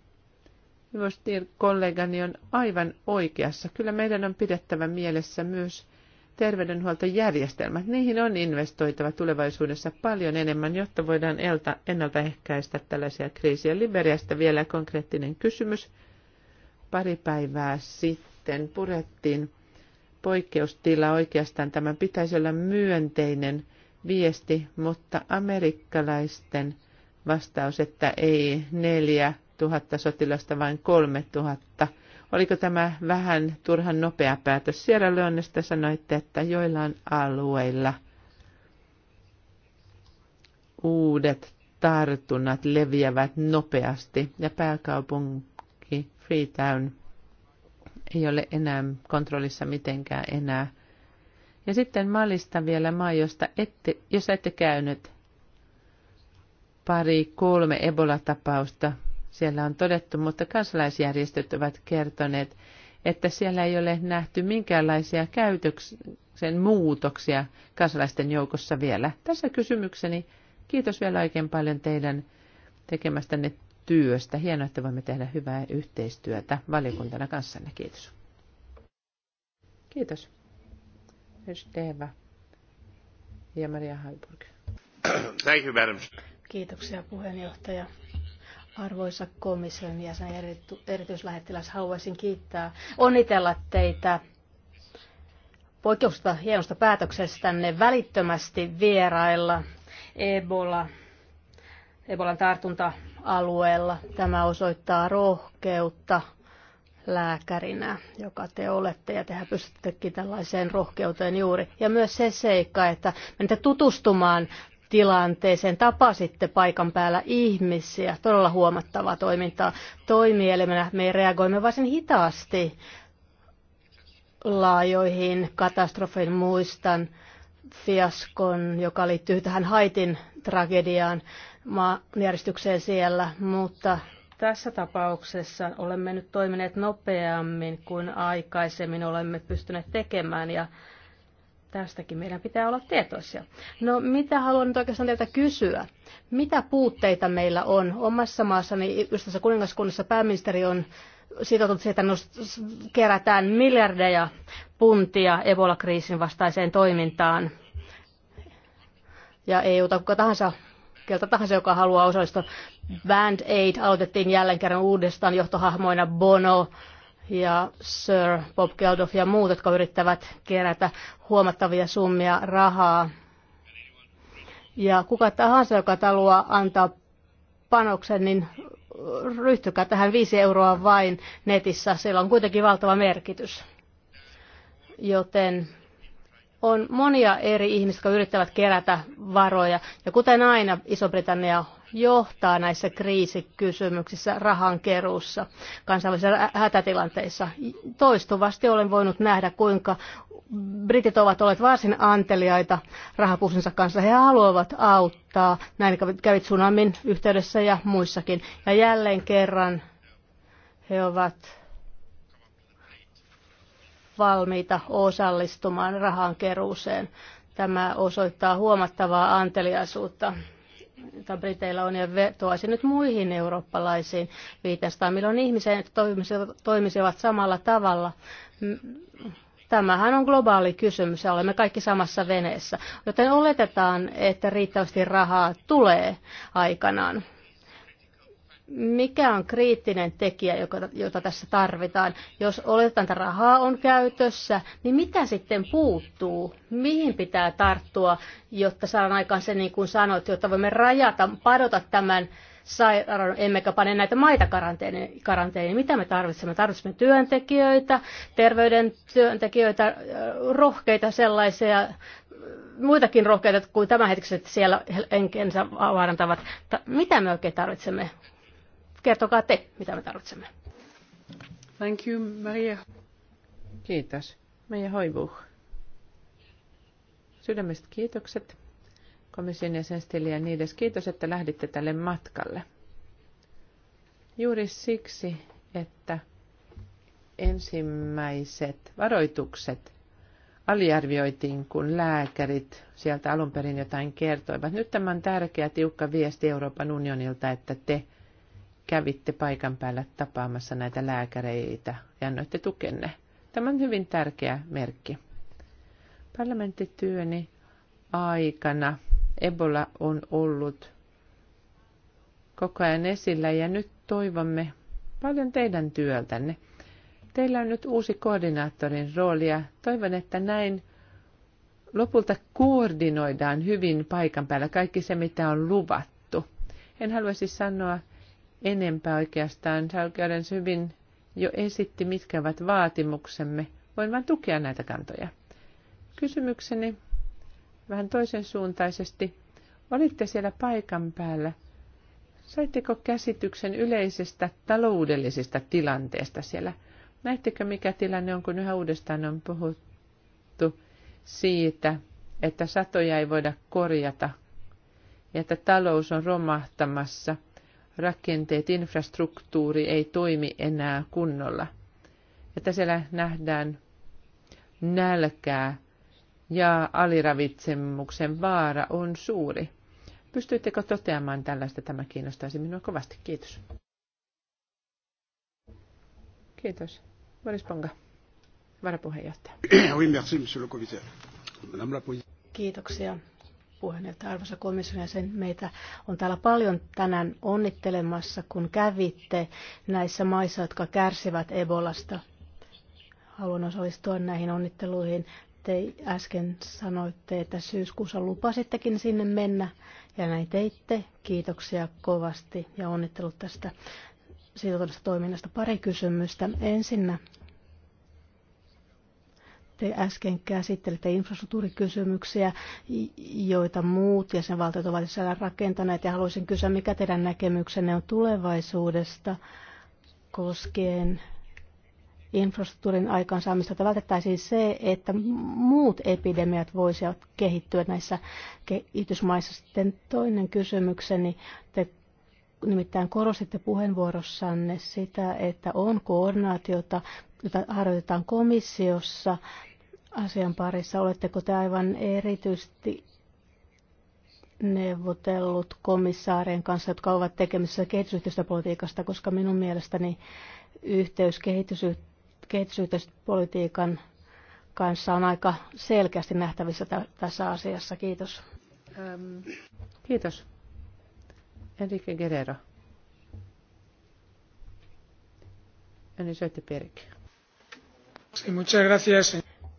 myös kollegani on aivan oikeassa. Kyllä meidän on pidettävä mielessä myös terveydenhuoltojärjestelmät. Niihin on investoitava tulevaisuudessa paljon enemmän, jotta voidaan ennaltaehkäistä tällaisia kriisiä. Liberiasta vielä konkreettinen kysymys. Pari päivää sitten purettiin poikkeustila. Oikeastaan tämän pitäisi olla myönteinen viesti, mutta amerikkalaisten vastaus, että ei neljä tuhatta sotilasta, vain kolme tuhatta. Oliko tämä vähän turhan nopea päätös? Siellä Leonesta sanoitte, että joillain alueilla uudet tartunnat leviävät nopeasti ja pääkaupunki Freetown ei ole enää kontrollissa mitenkään enää. Ja sitten Malista vielä maa, josta ette, jos ette käynyt pari, kolme Ebola-tapausta siellä on todettu, mutta kansalaisjärjestöt ovat kertoneet, että siellä ei ole nähty minkäänlaisia käytöksen muutoksia kansalaisten joukossa vielä. Tässä kysymykseni. Kiitos vielä oikein paljon teidän tekemästänne työstä. Hienoa, että voimme tehdä hyvää yhteistyötä valiokuntana kanssanne. Kiitos. Kiitos. Steva ja Maria Halburg. Thank you, madam. Kiitoksia puheenjohtaja. Arvoisa komission jäsen erityislähettiläs, haluaisin kiittää, onnitella teitä poikkeusta hienosta päätöksestänne välittömästi vierailla Ebola, Ebolan tartunta alueella. Tämä osoittaa rohkeutta lääkärinä, joka te olette, ja tehän pystyttekin tällaiseen rohkeuteen juuri. Ja myös se seikka, että menette tutustumaan tilanteeseen, tapasitte paikan päällä ihmisiä, todella huomattavaa toimintaa. Toimielimenä me reagoimme varsin hitaasti laajoihin katastrofeihin. Muistan fiaskon, joka liittyy tähän Haitin tragediaan maanjäristykseen siellä, mutta tässä tapauksessa olemme nyt toimineet nopeammin kuin aikaisemmin olemme pystyneet tekemään ja tästäkin meidän pitää olla tietoisia. No mitä haluan nyt oikeastaan teiltä kysyä? Mitä puutteita meillä on? Omassa maassani, tässä kuningaskunnassa pääministeri on sitoutunut siihen, että kerätään miljardeja puntia Ebola-kriisin vastaiseen toimintaan. Ja EUta kuka tahansa kelta tahansa, joka haluaa osallistua. Band Aid aloitettiin jälleen kerran uudestaan johtohahmoina Bono ja Sir Bob Geldof ja muut, jotka yrittävät kerätä huomattavia summia rahaa. Ja kuka tahansa, joka haluaa antaa panoksen, niin ryhtykää tähän 5 euroa vain netissä. Sillä on kuitenkin valtava merkitys. Joten on monia eri ihmisiä, jotka yrittävät kerätä varoja. Ja kuten aina Iso-Britannia johtaa näissä kriisikysymyksissä rahankeruussa kansainvälisissä hätätilanteissa. Toistuvasti olen voinut nähdä, kuinka britit ovat olleet varsin anteliaita rahapussinsa kanssa. He haluavat auttaa. Näin kävi tsunamin yhteydessä ja muissakin. Ja jälleen kerran he ovat valmiita osallistumaan rahankeruuseen. Tämä osoittaa huomattavaa anteliaisuutta jota Briteillä on, ja vetoaisi nyt muihin eurooppalaisiin 500 miljoonan ihmiseen, että toimisivat, toimisivat samalla tavalla. Tämähän on globaali kysymys ja olemme kaikki samassa veneessä, joten oletetaan, että riittävästi rahaa tulee aikanaan mikä on kriittinen tekijä, joka, jota tässä tarvitaan? Jos oletetaan, että rahaa on käytössä, niin mitä sitten puuttuu? Mihin pitää tarttua, jotta saadaan aikaan se, niin kuin sanoit, jotta voimme rajata, padota tämän sairaan, emmekä pane näitä maita karanteeniin. karanteeniin. Mitä me tarvitsemme? Me tarvitsemme työntekijöitä, terveyden työntekijöitä, rohkeita sellaisia, muitakin rohkeita kuin tämänhetkiset siellä enkensä vaarantavat. Mitä me oikein tarvitsemme? kertokaa te, mitä me tarvitsemme. Thank you, Maria. Kiitos. Meija Hoivuh. Sydämestä kiitokset. Komission jäsen ja Niides, kiitos, että lähditte tälle matkalle. Juuri siksi, että ensimmäiset varoitukset aliarvioitiin, kun lääkärit sieltä alun perin jotain kertoivat. Nyt tämä on tärkeä tiukka viesti Euroopan unionilta, että te kävitte paikan päällä tapaamassa näitä lääkäreitä ja annoitte tukenne. Tämä on hyvin tärkeä merkki. Parlamenttityöni aikana Ebola on ollut koko ajan esillä ja nyt toivomme paljon teidän työltänne. Teillä on nyt uusi koordinaattorin rooli ja toivon, että näin lopulta koordinoidaan hyvin paikan päällä kaikki se, mitä on luvattu. En haluaisi sanoa, enempää oikeastaan. Saukiarens hyvin jo esitti, mitkä ovat vaatimuksemme. Voin vain tukea näitä kantoja. Kysymykseni vähän toisen suuntaisesti. Olitte siellä paikan päällä. Saitteko käsityksen yleisestä taloudellisesta tilanteesta siellä? Näittekö, mikä tilanne on, kun yhä uudestaan on puhuttu siitä, että satoja ei voida korjata ja että talous on romahtamassa rakenteet, infrastruktuuri ei toimi enää kunnolla. Että siellä nähdään nälkää ja aliravitsemuksen vaara on suuri. Pystyttekö toteamaan tällaista? Tämä kiinnostaisi minua kovasti. Kiitos. Kiitos. Boris Ponga, varapuheenjohtaja. Kiitoksia puheenjohtaja, arvoisa komission jäsen, meitä on täällä paljon tänään onnittelemassa, kun kävitte näissä maissa, jotka kärsivät Ebolasta. Haluan osallistua näihin onnitteluihin. Te äsken sanoitte, että syyskuussa lupasittekin sinne mennä, ja näin teitte. Kiitoksia kovasti ja onnittelut tästä sitoutuneesta toiminnasta. Pari kysymystä. Ensinnä te äsken käsittelitte infrastruktuurikysymyksiä, joita muut jäsenvaltiot ovat siellä rakentaneet, ja haluaisin kysyä, mikä teidän näkemyksenne on tulevaisuudesta koskien infrastruktuurin aikaansaamista, että vältettäisiin se, että muut epidemiat voisivat kehittyä näissä kehitysmaissa. Sitten toinen kysymykseni, te nimittäin korostitte puheenvuorossanne sitä, että on koordinaatiota jota harjoitetaan komissiossa asian parissa. Oletteko te aivan erityisesti neuvotellut komissaarien kanssa, jotka ovat tekemisissä kehitysyhteistyöpolitiikasta, koska minun mielestäni yhteys kehitysy- kehitysyhteistyöpolitiikan kanssa on aika selkeästi nähtävissä tässä asiassa. Kiitos. Ähm. Kiitos. Enrique Guerrero. Anni Sötti perikin.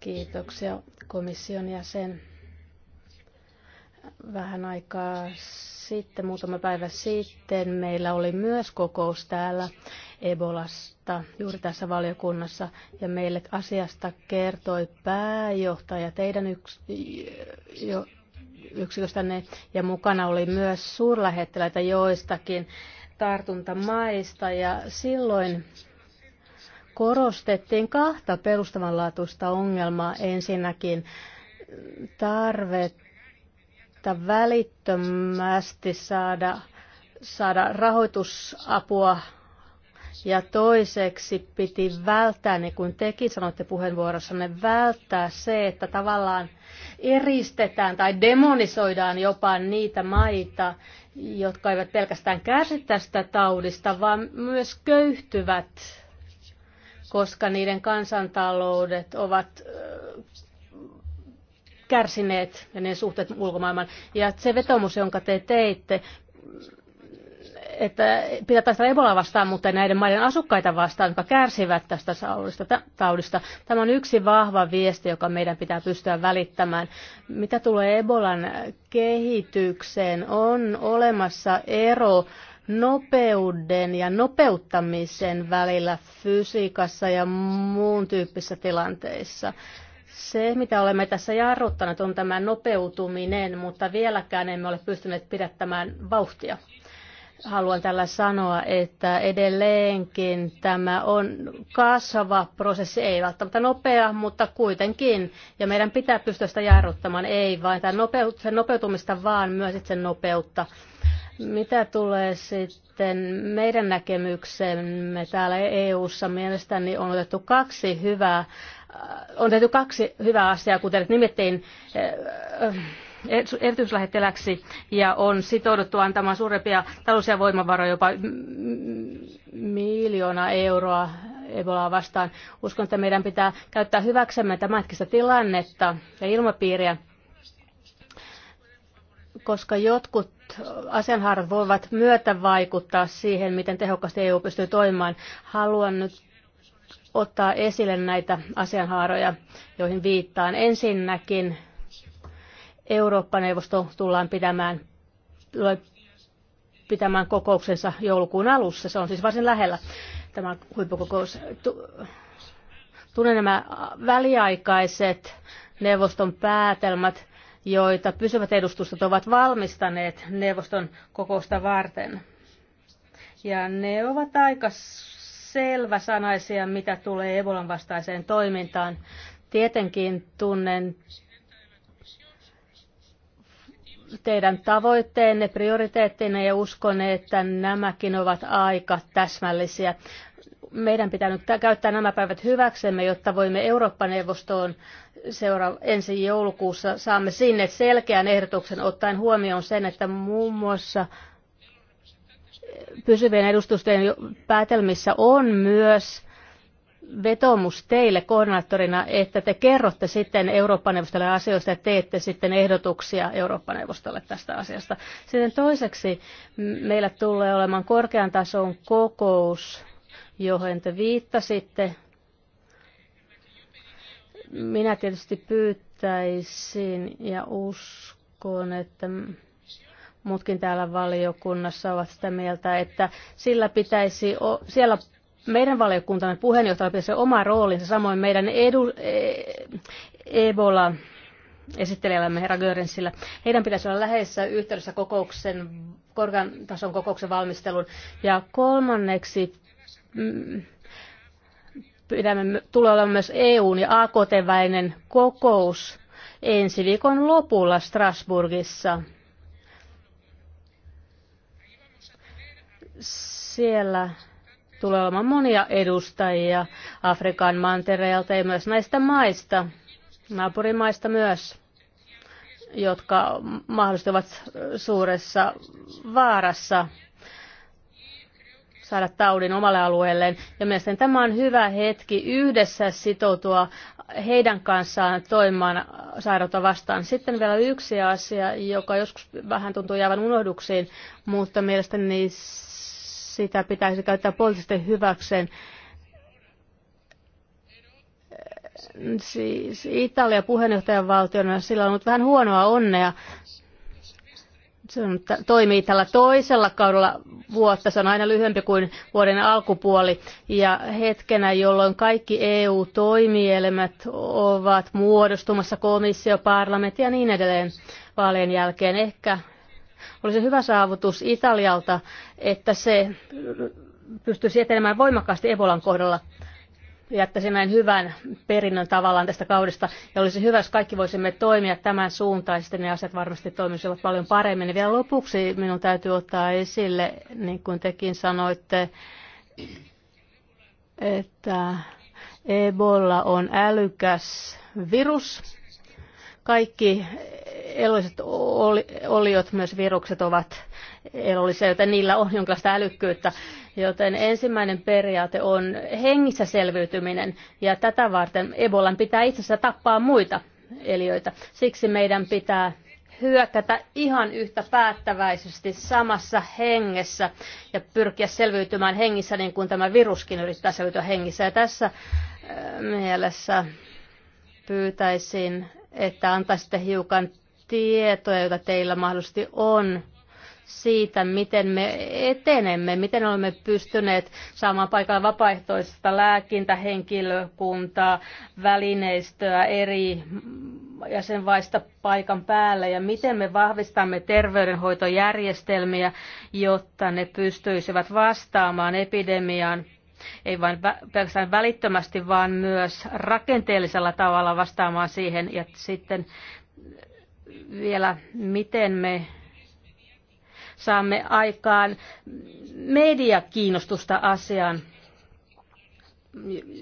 Kiitoksia komission jäsen. Vähän aikaa sitten, muutama päivä sitten, meillä oli myös kokous täällä Ebolasta juuri tässä valiokunnassa ja meille asiasta kertoi pääjohtaja teidän yks, jo, yksiköstänne ja mukana oli myös suurlähettiläitä joistakin tartuntamaista ja silloin korostettiin kahta perustavanlaatuista ongelmaa. Ensinnäkin tarvetta välittömästi saada, saada rahoitusapua ja toiseksi piti välttää, niin kuin tekin sanoitte puheenvuorossanne, välttää se, että tavallaan eristetään tai demonisoidaan jopa niitä maita, jotka eivät pelkästään kärsi tästä taudista, vaan myös köyhtyvät koska niiden kansantaloudet ovat kärsineet ja ne suhteet ulkomaailman. Ja se vetomus, jonka te teitte, että pitää taistella Ebola vastaan, mutta näiden maiden asukkaita vastaan, jotka kärsivät tästä taudista. Tämä on yksi vahva viesti, joka meidän pitää pystyä välittämään. Mitä tulee Ebolan kehitykseen, on olemassa ero nopeuden ja nopeuttamisen välillä fysiikassa ja muun tyyppisissä tilanteissa. Se, mitä olemme tässä jarruttaneet, on tämä nopeutuminen, mutta vieläkään emme ole pystyneet pidättämään vauhtia. Haluan tällä sanoa, että edelleenkin tämä on kasvava prosessi, ei välttämättä nopea, mutta kuitenkin. Ja meidän pitää pystyä sitä jarruttamaan, ei vain sen nopeutumista, vaan myös itse nopeutta mitä tulee sitten meidän näkemyksemme täällä EU-ssa, mielestäni on otettu kaksi hyvää, äh, on tehty kaksi hyvää asiaa, kuten nimettiin äh, äh, e- erityislähettiläksi ja on sitouduttu antamaan suurempia taloudellisia voimavaroja, jopa miljoona euroa Ebolaa vastaan. Uskon, että meidän pitää käyttää hyväksemme tämänhetkistä tilannetta ja ilmapiiriä, koska jotkut asianhaarat voivat myötä vaikuttaa siihen, miten tehokkaasti EU pystyy toimimaan. Haluan nyt ottaa esille näitä asianhaaroja, joihin viittaan. Ensinnäkin Eurooppa-neuvosto tullaan pitämään, pitämään kokouksensa joulukuun alussa. Se on siis varsin lähellä tämä huippukokous. Tunnen nämä väliaikaiset neuvoston päätelmät joita pysyvät edustustot ovat valmistaneet neuvoston kokousta varten. Ja ne ovat aika selväsanaisia, mitä tulee Ebolan vastaiseen toimintaan. Tietenkin tunnen teidän tavoitteenne, prioriteettinne ja uskon, että nämäkin ovat aika täsmällisiä meidän pitää nyt käyttää nämä päivät hyväksemme, jotta voimme Eurooppa-neuvostoon seura- ensi joulukuussa saamme sinne selkeän ehdotuksen ottaen huomioon sen, että muun muassa pysyvien edustusten päätelmissä on myös vetomus teille koordinaattorina, että te kerrotte sitten Eurooppa-neuvostolle asioista ja teette sitten ehdotuksia Eurooppa-neuvostolle tästä asiasta. Sitten toiseksi meillä tulee olemaan korkean tason kokous johon te viittasitte. Minä tietysti pyytäisin ja uskon, että muutkin täällä valiokunnassa ovat sitä mieltä, että sillä pitäisi, siellä meidän valiokuntamme puheenjohtajalla pitäisi oma roolinsa, samoin meidän edu, e, Ebola esittelijällämme herra Görensillä. Heidän pitäisi olla läheisessä yhteydessä kokouksen, korkean tason kokouksen valmistelun. Ja kolmanneksi pidämme, tulee olemaan myös EUn ja AKT-väinen kokous ensi viikon lopulla Strasburgissa. Siellä tulee olemaan monia edustajia Afrikan mantereelta ja myös näistä maista, naapurimaista myös, jotka mahdollisesti ovat suuressa vaarassa saada taudin omalle alueelleen. Ja mielestäni tämä on hyvä hetki yhdessä sitoutua heidän kanssaan toimimaan sairautta vastaan. Sitten vielä yksi asia, joka joskus vähän tuntuu jäävän unohduksiin, mutta mielestäni sitä pitäisi käyttää poliittisesti hyväkseen. Siis Italia valtiona, sillä on ollut vähän huonoa onnea se on, toimii tällä toisella kaudella vuotta, se on aina lyhyempi kuin vuoden alkupuoli, ja hetkenä, jolloin kaikki EU-toimielimet ovat muodostumassa komissio, parlamentti ja niin edelleen vaalien jälkeen. Ehkä olisi hyvä saavutus Italialta, että se pystyisi etenemään voimakkaasti Ebolan kohdalla, jättäisi näin hyvän perinnön tavallaan tästä kaudesta. Ja olisi hyvä, jos kaikki voisimme toimia tämän suuntaisesti, niin asiat varmasti toimisivat paljon paremmin. Ja vielä lopuksi minun täytyy ottaa esille, niin kuin tekin sanoitte, että Ebola on älykäs virus. Kaikki eloiset oliot, myös virukset ovat elollisia, joten niillä on jonkinlaista älykkyyttä. Joten ensimmäinen periaate on hengissä selviytyminen, ja tätä varten Ebolan pitää asiassa tappaa muita eliöitä. Siksi meidän pitää hyökätä ihan yhtä päättäväisesti samassa hengessä ja pyrkiä selviytymään hengissä niin kuin tämä viruskin yrittää selviytyä hengissä. Ja tässä äh, mielessä pyytäisin, että antaisitte hiukan tietoja, joita teillä mahdollisesti on siitä, miten me etenemme, miten olemme pystyneet saamaan paikalle vapaaehtoista lääkintähenkilökuntaa, välineistöä eri jäsenvaista paikan päälle ja miten me vahvistamme terveydenhoitojärjestelmiä, jotta ne pystyisivät vastaamaan epidemiaan ei vain pelkästään välittömästi, vaan myös rakenteellisella tavalla vastaamaan siihen. Ja sitten vielä, miten me saamme aikaan mediakiinnostusta asiaan.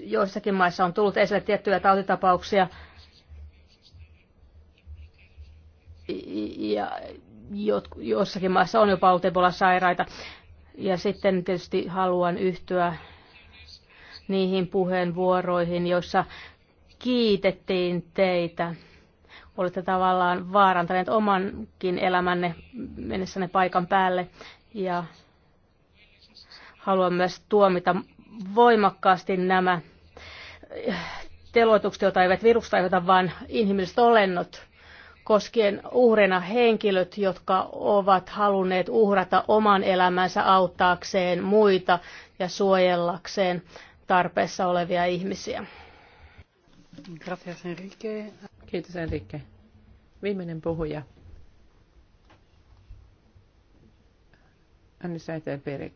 Joissakin maissa on tullut esille tiettyjä tautitapauksia, ja joissakin maissa on jopa ollut Ebola-sairaita. Ja sitten tietysti haluan yhtyä niihin puheenvuoroihin, joissa kiitettiin teitä olette tavallaan vaarantaneet omankin elämänne mennessänne paikan päälle. Ja haluan myös tuomita voimakkaasti nämä teloitukset, joita eivät virusta aiheuta, vaan inhimilliset olennot koskien uhreina henkilöt, jotka ovat halunneet uhrata oman elämänsä auttaakseen muita ja suojellakseen tarpeessa olevia ihmisiä. Gracias, Enrique. Kiitos Enrique. Viimeinen puhuja. Anni Säiterberg.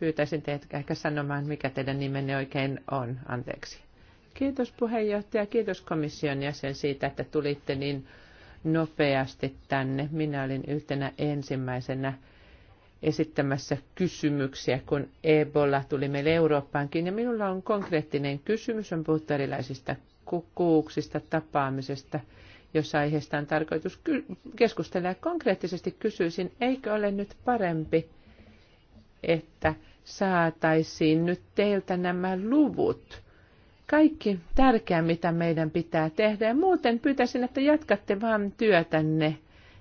Pyytäisin teitä ehkä sanomaan, mikä teidän nimenne oikein on. Anteeksi. Kiitos puheenjohtaja, kiitos komission jäsen siitä, että tulitte niin nopeasti tänne. Minä olin yhtenä ensimmäisenä esittämässä kysymyksiä, kun Ebola tuli meille Eurooppaankin. Ja minulla on konkreettinen kysymys, on puhuttu erilaisista kokouksista, tapaamisesta, jos aiheesta on tarkoitus keskustella. Konkreettisesti kysyisin, eikö ole nyt parempi, että saataisiin nyt teiltä nämä luvut, kaikki tärkeä, mitä meidän pitää tehdä. Ja muuten pyytäisin, että jatkatte vaan työtänne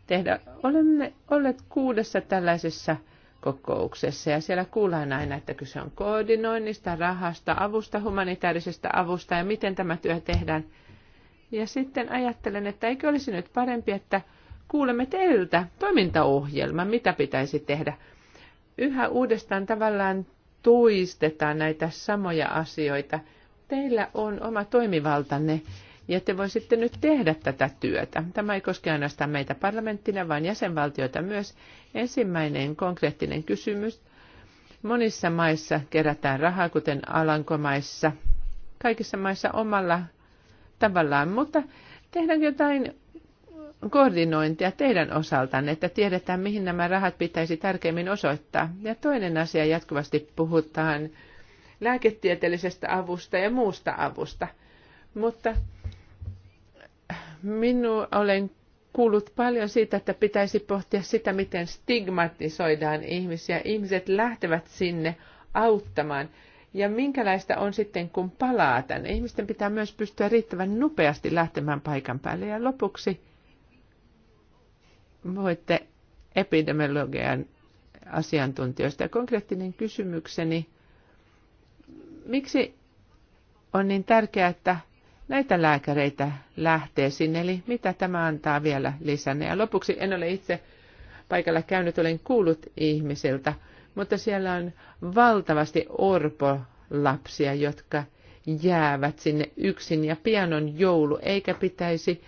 tehdä. Olemme olleet kuudessa tällaisessa kokouksessa ja siellä kuullaan aina, että kyse on koordinoinnista, rahasta, avusta, humanitaarisesta avusta ja miten tämä työ tehdään. Ja sitten ajattelen, että eikö olisi nyt parempi, että kuulemme teiltä toimintaohjelma, mitä pitäisi tehdä. Yhä uudestaan tavallaan tuistetaan näitä samoja asioita. Teillä on oma toimivaltanne ja te voisitte nyt tehdä tätä työtä. Tämä ei koske ainoastaan meitä parlamenttina, vaan jäsenvaltioita myös. Ensimmäinen konkreettinen kysymys. Monissa maissa kerätään rahaa, kuten Alankomaissa, kaikissa maissa omalla tavallaan, mutta tehdään jotain koordinointia teidän osaltanne, että tiedetään, mihin nämä rahat pitäisi tärkeimmin osoittaa. Ja toinen asia, jatkuvasti puhutaan lääketieteellisestä avusta ja muusta avusta. Mutta Minun olen kuullut paljon siitä, että pitäisi pohtia sitä, miten stigmatisoidaan ihmisiä. Ihmiset lähtevät sinne auttamaan. Ja minkälaista on sitten, kun palaa tänne? Ihmisten pitää myös pystyä riittävän nopeasti lähtemään paikan päälle. Ja lopuksi voitte epidemiologian asiantuntijoista. Ja konkreettinen kysymykseni, miksi on niin tärkeää, että näitä lääkäreitä lähtee sinne, eli mitä tämä antaa vielä lisänne. Ja lopuksi en ole itse paikalla käynyt, olen kuullut ihmisiltä, mutta siellä on valtavasti orpolapsia, jotka jäävät sinne yksin ja pian on joulu, eikä pitäisi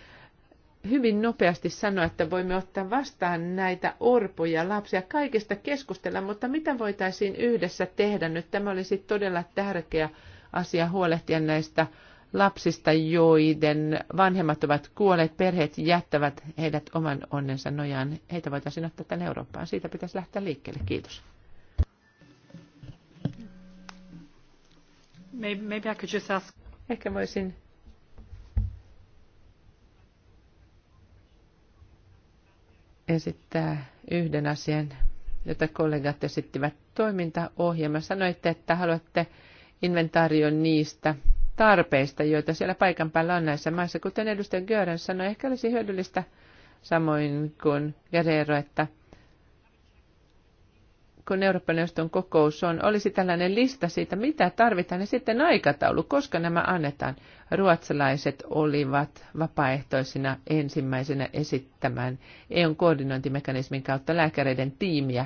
hyvin nopeasti sanoa, että voimme ottaa vastaan näitä orpoja lapsia, kaikista keskustella, mutta mitä voitaisiin yhdessä tehdä nyt? Tämä olisi todella tärkeä asia huolehtia näistä lapsista, joiden vanhemmat ovat kuolleet, perheet jättävät heidät oman onnensa nojaan. Heitä voitaisiin ottaa tänne Eurooppaan. Siitä pitäisi lähteä liikkeelle. Kiitos. Maybe I could just ask. Ehkä voisin esittää yhden asian, jota kollegat esittivät toimintaohjelma. Sanoitte, että haluatte inventaarion niistä tarpeista, joita siellä paikan päällä on näissä maissa. Kuten edustaja Göran sanoi, ehkä olisi hyödyllistä samoin kuin Guerrero, että kun Euroopan neuvoston kokous on, olisi tällainen lista siitä, mitä tarvitaan, ja sitten aikataulu, koska nämä annetaan. Ruotsalaiset olivat vapaaehtoisina ensimmäisenä esittämään EUn koordinointimekanismin kautta lääkäreiden tiimiä.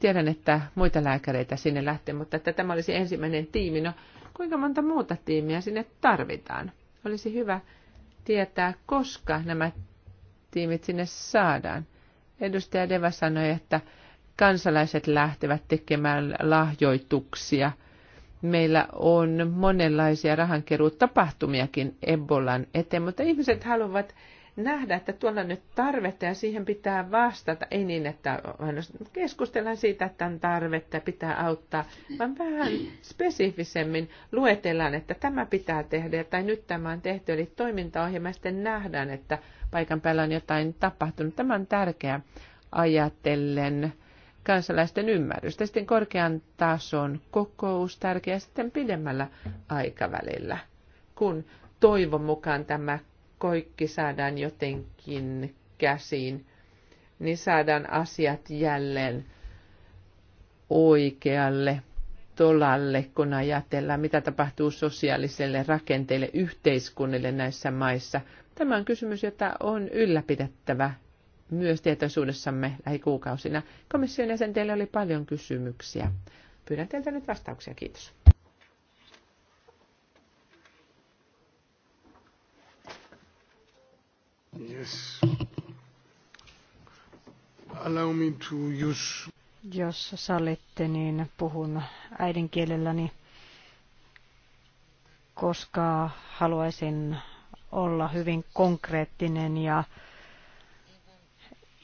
Tiedän, että muita lääkäreitä sinne lähtee, mutta että tämä olisi ensimmäinen tiimi. No, kuinka monta muuta tiimiä sinne tarvitaan. Olisi hyvä tietää, koska nämä tiimit sinne saadaan. Edustaja Deva sanoi, että kansalaiset lähtevät tekemään lahjoituksia. Meillä on monenlaisia rahankeruutapahtumiakin Ebolan eteen, mutta ihmiset haluavat nähdä, että tuolla nyt tarvetta ja siihen pitää vastata. Ei niin, että keskustellaan siitä, että on tarvetta ja pitää auttaa, vaan vähän spesifisemmin luetellaan, että tämä pitää tehdä tai nyt tämä on tehty. Eli toimintaohjelma sitten nähdään, että paikan päällä on jotain tapahtunut. Tämä on tärkeä ajatellen kansalaisten ymmärrystä. Sitten korkean tason kokous tärkeä sitten pidemmällä aikavälillä, kun toivon mukaan tämä kaikki saadaan jotenkin käsiin, niin saadaan asiat jälleen oikealle tolalle, kun ajatellaan, mitä tapahtuu sosiaaliselle rakenteelle, yhteiskunnille näissä maissa. Tämä on kysymys, jota on ylläpidettävä myös tietoisuudessamme lähikuukausina. Komission jäsenteille oli paljon kysymyksiä. Pyydän teiltä nyt vastauksia. Kiitos. Yes. Allow me to use... Jos sallitte, niin puhun äidinkielelläni, koska haluaisin olla hyvin konkreettinen ja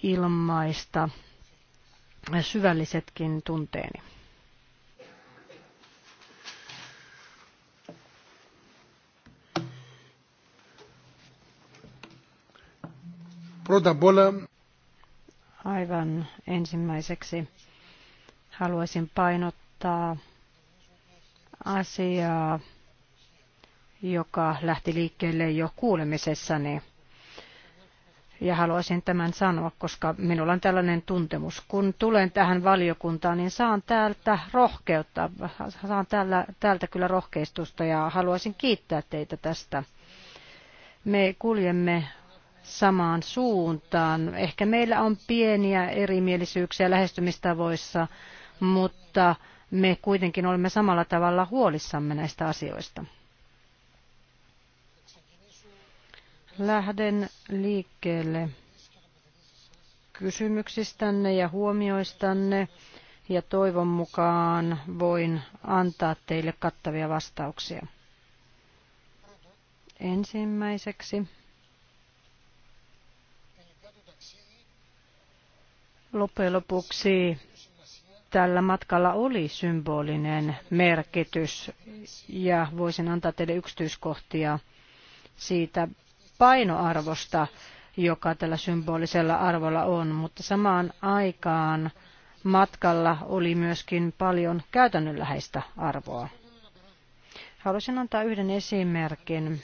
ilmaista syvällisetkin tunteeni. Πρώτα απ' όλα... Aivan ensimmäiseksi haluaisin painottaa asiaa, joka lähti liikkeelle jo kuulemisessani. Ja haluaisin tämän sanoa, koska minulla on tällainen tuntemus. Kun tulen tähän valiokuntaan, niin saan täältä rohkeutta, saan täällä, täältä kyllä rohkeistusta ja haluaisin kiittää teitä tästä. Me kuljemme samaan suuntaan. Ehkä meillä on pieniä erimielisyyksiä lähestymistavoissa, mutta me kuitenkin olemme samalla tavalla huolissamme näistä asioista. Lähden liikkeelle kysymyksistänne ja huomioistanne ja toivon mukaan voin antaa teille kattavia vastauksia. Ensimmäiseksi Loppujen lopuksi tällä matkalla oli symbolinen merkitys ja voisin antaa teille yksityiskohtia siitä painoarvosta, joka tällä symbolisella arvolla on, mutta samaan aikaan matkalla oli myöskin paljon käytännönläheistä arvoa. Haluaisin antaa yhden esimerkin,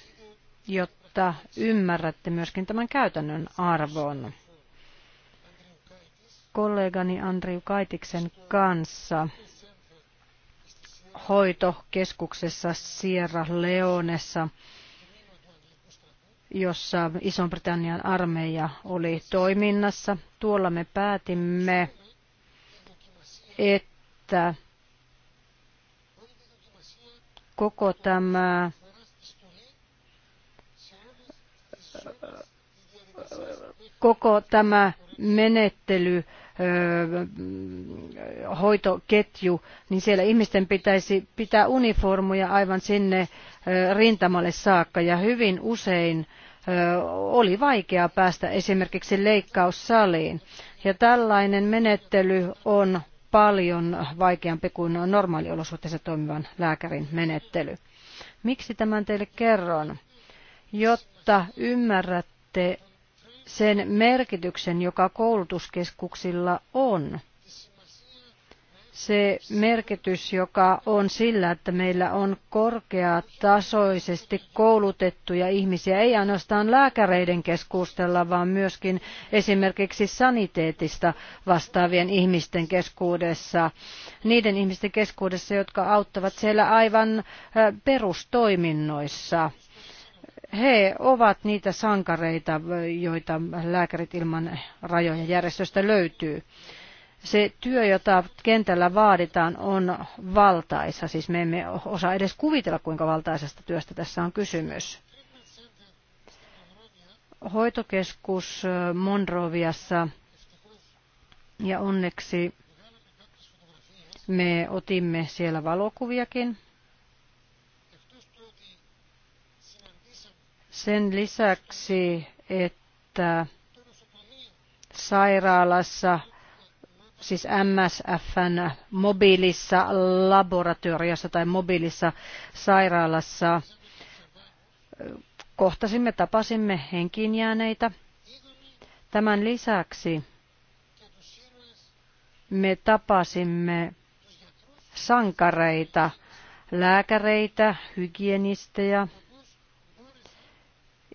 jotta ymmärrätte myöskin tämän käytännön arvon kollegani Andriu Kaitiksen kanssa hoitokeskuksessa Sierra Leonessa, jossa Iso-Britannian armeija oli toiminnassa. Tuolla me päätimme, että koko tämä koko tämä menettely hoitoketju, niin siellä ihmisten pitäisi pitää uniformuja aivan sinne rintamalle saakka ja hyvin usein oli vaikea päästä esimerkiksi leikkaussaliin. Ja tällainen menettely on paljon vaikeampi kuin normaaliolosuhteessa toimivan lääkärin menettely. Miksi tämän teille kerron? Jotta ymmärrätte, sen merkityksen, joka koulutuskeskuksilla on. Se merkitys, joka on sillä, että meillä on korkeatasoisesti koulutettuja ihmisiä, ei ainoastaan lääkäreiden keskustella, vaan myöskin esimerkiksi saniteetista vastaavien ihmisten keskuudessa, niiden ihmisten keskuudessa, jotka auttavat siellä aivan perustoiminnoissa he ovat niitä sankareita, joita lääkärit ilman rajoja järjestöstä löytyy. Se työ, jota kentällä vaaditaan, on valtaisa. Siis me emme osaa edes kuvitella, kuinka valtaisesta työstä tässä on kysymys. Hoitokeskus Monroviassa ja onneksi me otimme siellä valokuviakin Sen lisäksi, että sairaalassa, siis MSFn mobiilissa laboratoriossa tai mobiilissa sairaalassa kohtasimme, tapasimme henkiin jääneitä. Tämän lisäksi me tapasimme sankareita, lääkäreitä, hygienistejä,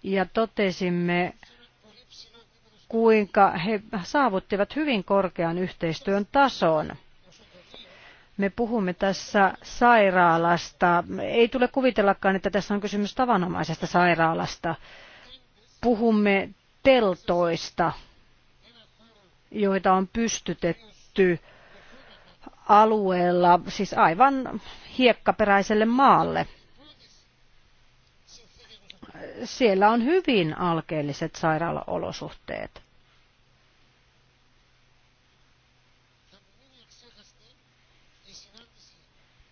ja totesimme, kuinka he saavuttivat hyvin korkean yhteistyön tason. Me puhumme tässä sairaalasta. Ei tule kuvitellakaan, että tässä on kysymys tavanomaisesta sairaalasta. Puhumme teltoista, joita on pystytetty alueella, siis aivan hiekkaperäiselle maalle siellä on hyvin alkeelliset sairaalaolosuhteet.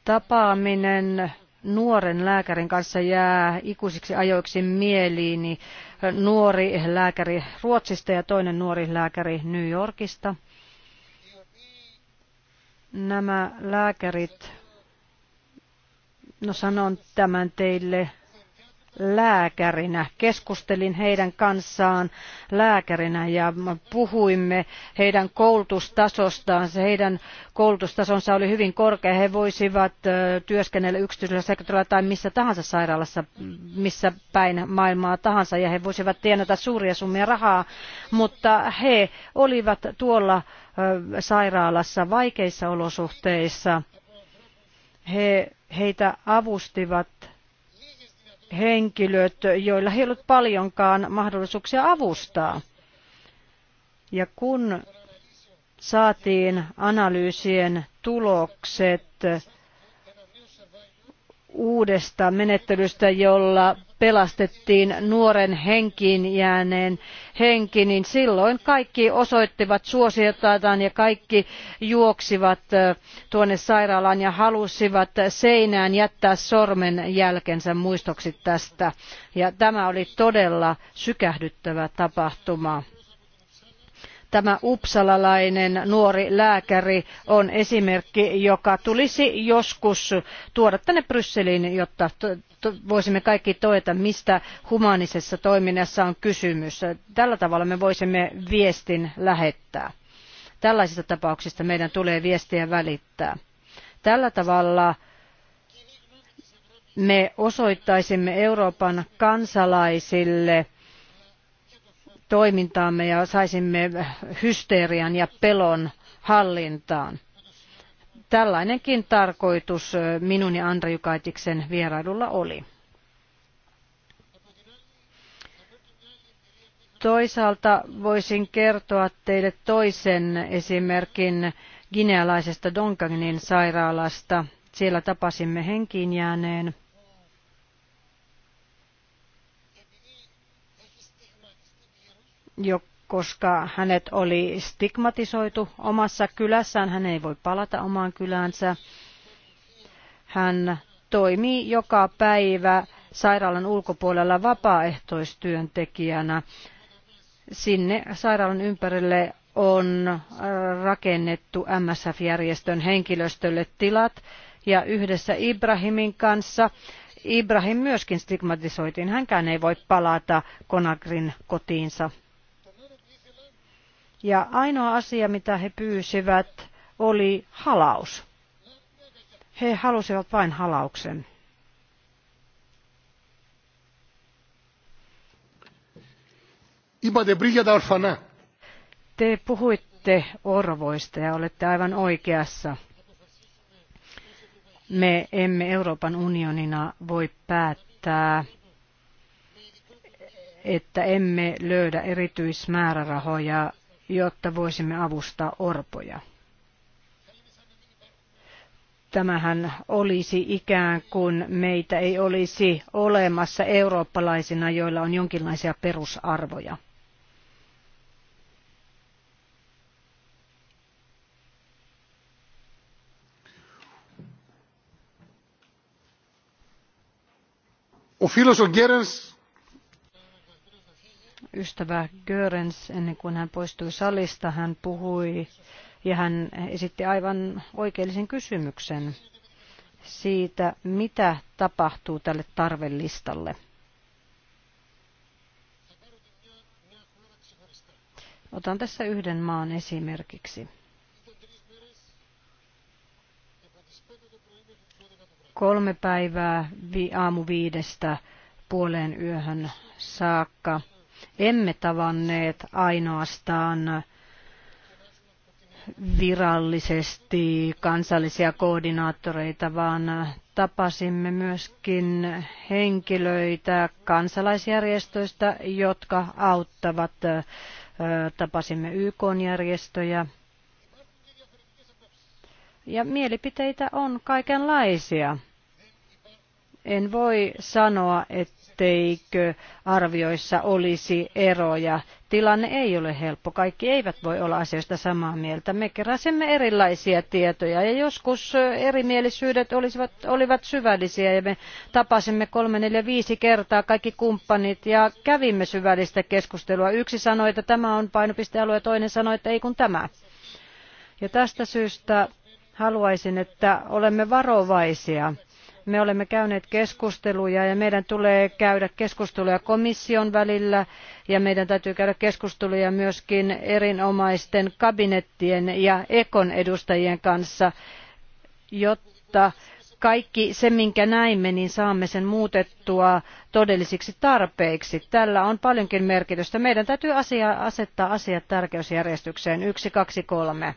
Tapaaminen nuoren lääkärin kanssa jää ikuisiksi ajoiksi mieliin. Nuori lääkäri Ruotsista ja toinen nuori lääkäri New Yorkista. Nämä lääkärit, no sanon tämän teille lääkärinä. Keskustelin heidän kanssaan lääkärinä ja puhuimme heidän koulutustasostaan. Se heidän koulutustasonsa oli hyvin korkea. He voisivat työskennellä yksityisellä sektorilla tai missä tahansa sairaalassa, missä päin maailmaa tahansa ja he voisivat tienata suuria summia rahaa, mutta he olivat tuolla sairaalassa vaikeissa olosuhteissa. He, heitä avustivat henkilöt, joilla ei ollut paljonkaan mahdollisuuksia avustaa. Ja kun saatiin analyysien tulokset uudesta menettelystä, jolla pelastettiin nuoren henkiin jääneen henki, niin silloin kaikki osoittivat suosiotaan ja kaikki juoksivat tuonne sairaalaan ja halusivat seinään jättää sormen jälkensä muistoksi tästä. Ja tämä oli todella sykähdyttävä tapahtuma tämä uppsalalainen nuori lääkäri on esimerkki joka tulisi joskus tuoda tänne brysseliin jotta voisimme kaikki toeta, mistä humanisessa toiminnassa on kysymys. Tällä tavalla me voisimme viestin lähettää. Tällaisista tapauksista meidän tulee viestiä välittää. Tällä tavalla me osoittaisimme Euroopan kansalaisille toimintaamme ja saisimme hysterian ja pelon hallintaan. Tällainenkin tarkoitus minun ja Andrei Kaitiksen vierailulla oli. Toisaalta voisin kertoa teille toisen esimerkin ginealaisesta Donkangin sairaalasta. Siellä tapasimme henkiin jääneen joka koska hänet oli stigmatisoitu omassa kylässään. Hän ei voi palata omaan kyläänsä. Hän toimii joka päivä sairaalan ulkopuolella vapaaehtoistyöntekijänä. Sinne sairaalan ympärille on äh, rakennettu MSF-järjestön henkilöstölle tilat ja yhdessä Ibrahimin kanssa. Ibrahim myöskin stigmatisoitiin. Hänkään ei voi palata Konagrin kotiinsa ja ainoa asia, mitä he pyysivät, oli halaus. He halusivat vain halauksen. Te puhuitte orvoista ja olette aivan oikeassa. Me emme Euroopan unionina voi päättää, että emme löydä erityismäärärahoja jotta voisimme avustaa orpoja. Tämähän olisi ikään kuin meitä ei olisi olemassa eurooppalaisina, joilla on jonkinlaisia perusarvoja. Ο φίλος ο Γκέρενς ystävä Görens, ennen kuin hän poistui salista, hän puhui ja hän esitti aivan oikeellisen kysymyksen siitä, mitä tapahtuu tälle tarvelistalle. Otan tässä yhden maan esimerkiksi. Kolme päivää aamu viidestä puoleen yöhön saakka emme tavanneet ainoastaan virallisesti kansallisia koordinaattoreita, vaan tapasimme myöskin henkilöitä kansalaisjärjestöistä, jotka auttavat. Tapasimme YK-järjestöjä. Ja mielipiteitä on kaikenlaisia. En voi sanoa, että etteikö arvioissa olisi eroja. Tilanne ei ole helppo. Kaikki eivät voi olla asioista samaa mieltä. Me keräsimme erilaisia tietoja ja joskus erimielisyydet olisivat, olivat syvällisiä ja me tapasimme kolme, neljä, viisi kertaa kaikki kumppanit ja kävimme syvällistä keskustelua. Yksi sanoi, että tämä on painopistealue ja toinen sanoi, että ei kun tämä. Ja tästä syystä haluaisin, että olemme varovaisia me olemme käyneet keskusteluja ja meidän tulee käydä keskusteluja komission välillä ja meidän täytyy käydä keskusteluja myöskin erinomaisten kabinettien ja ekon edustajien kanssa, jotta kaikki se, minkä näimme, niin saamme sen muutettua todellisiksi tarpeiksi. Tällä on paljonkin merkitystä. Meidän täytyy asia, asettaa asiat tärkeysjärjestykseen. Yksi, kaksi, kolme.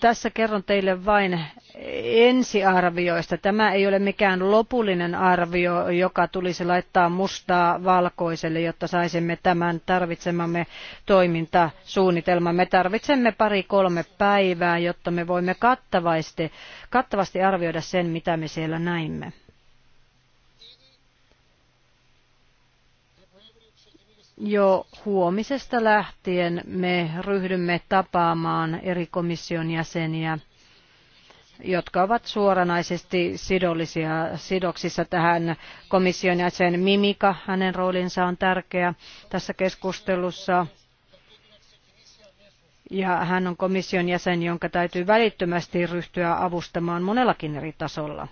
tässä kerron teille vain ensiarvioista. Tämä ei ole mikään lopullinen arvio, joka tulisi laittaa mustaa valkoiselle, jotta saisimme tämän tarvitsemamme toimintasuunnitelman. Me tarvitsemme pari-kolme päivää, jotta me voimme kattavasti, kattavasti arvioida sen, mitä me siellä näimme. jo huomisesta lähtien me ryhdymme tapaamaan eri komission jäseniä, jotka ovat suoranaisesti sidollisia, sidoksissa tähän komission jäsen Mimika. Hänen roolinsa on tärkeä tässä keskustelussa. Ja hän on komission jäsen, jonka täytyy välittömästi ryhtyä avustamaan monellakin eri tasolla.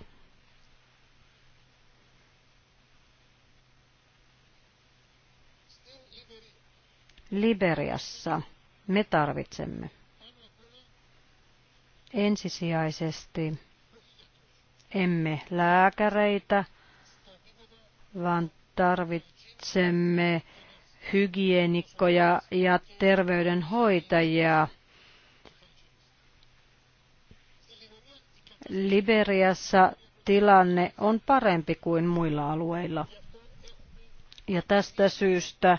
Liberiassa me tarvitsemme ensisijaisesti emme lääkäreitä, vaan tarvitsemme hygienikkoja ja terveydenhoitajia. Liberiassa tilanne on parempi kuin muilla alueilla. Ja tästä syystä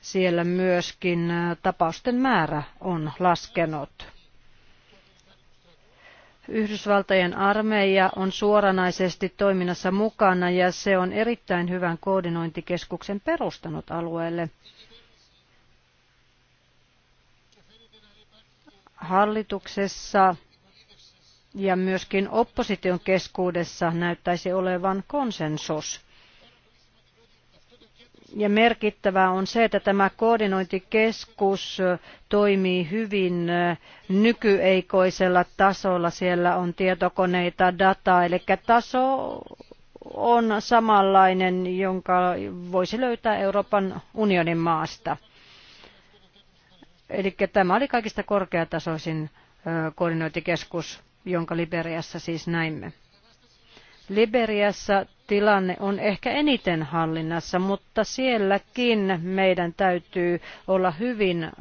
siellä myöskin tapausten määrä on laskenut. Yhdysvaltojen armeija on suoranaisesti toiminnassa mukana ja se on erittäin hyvän koordinointikeskuksen perustanut alueelle. Hallituksessa ja myöskin opposition keskuudessa näyttäisi olevan konsensus ja merkittävää on se, että tämä koordinointikeskus toimii hyvin eh, nykyeikoisella tasolla. Siellä on tietokoneita, dataa, eli taso on samanlainen, jonka voisi löytää Euroopan unionin maasta. Eli tämä oli kaikista korkeatasoisin eh, koordinointikeskus, jonka Liberiassa siis näimme. Liberiassa tilanne on ehkä eniten hallinnassa, mutta sielläkin meidän täytyy olla hyvin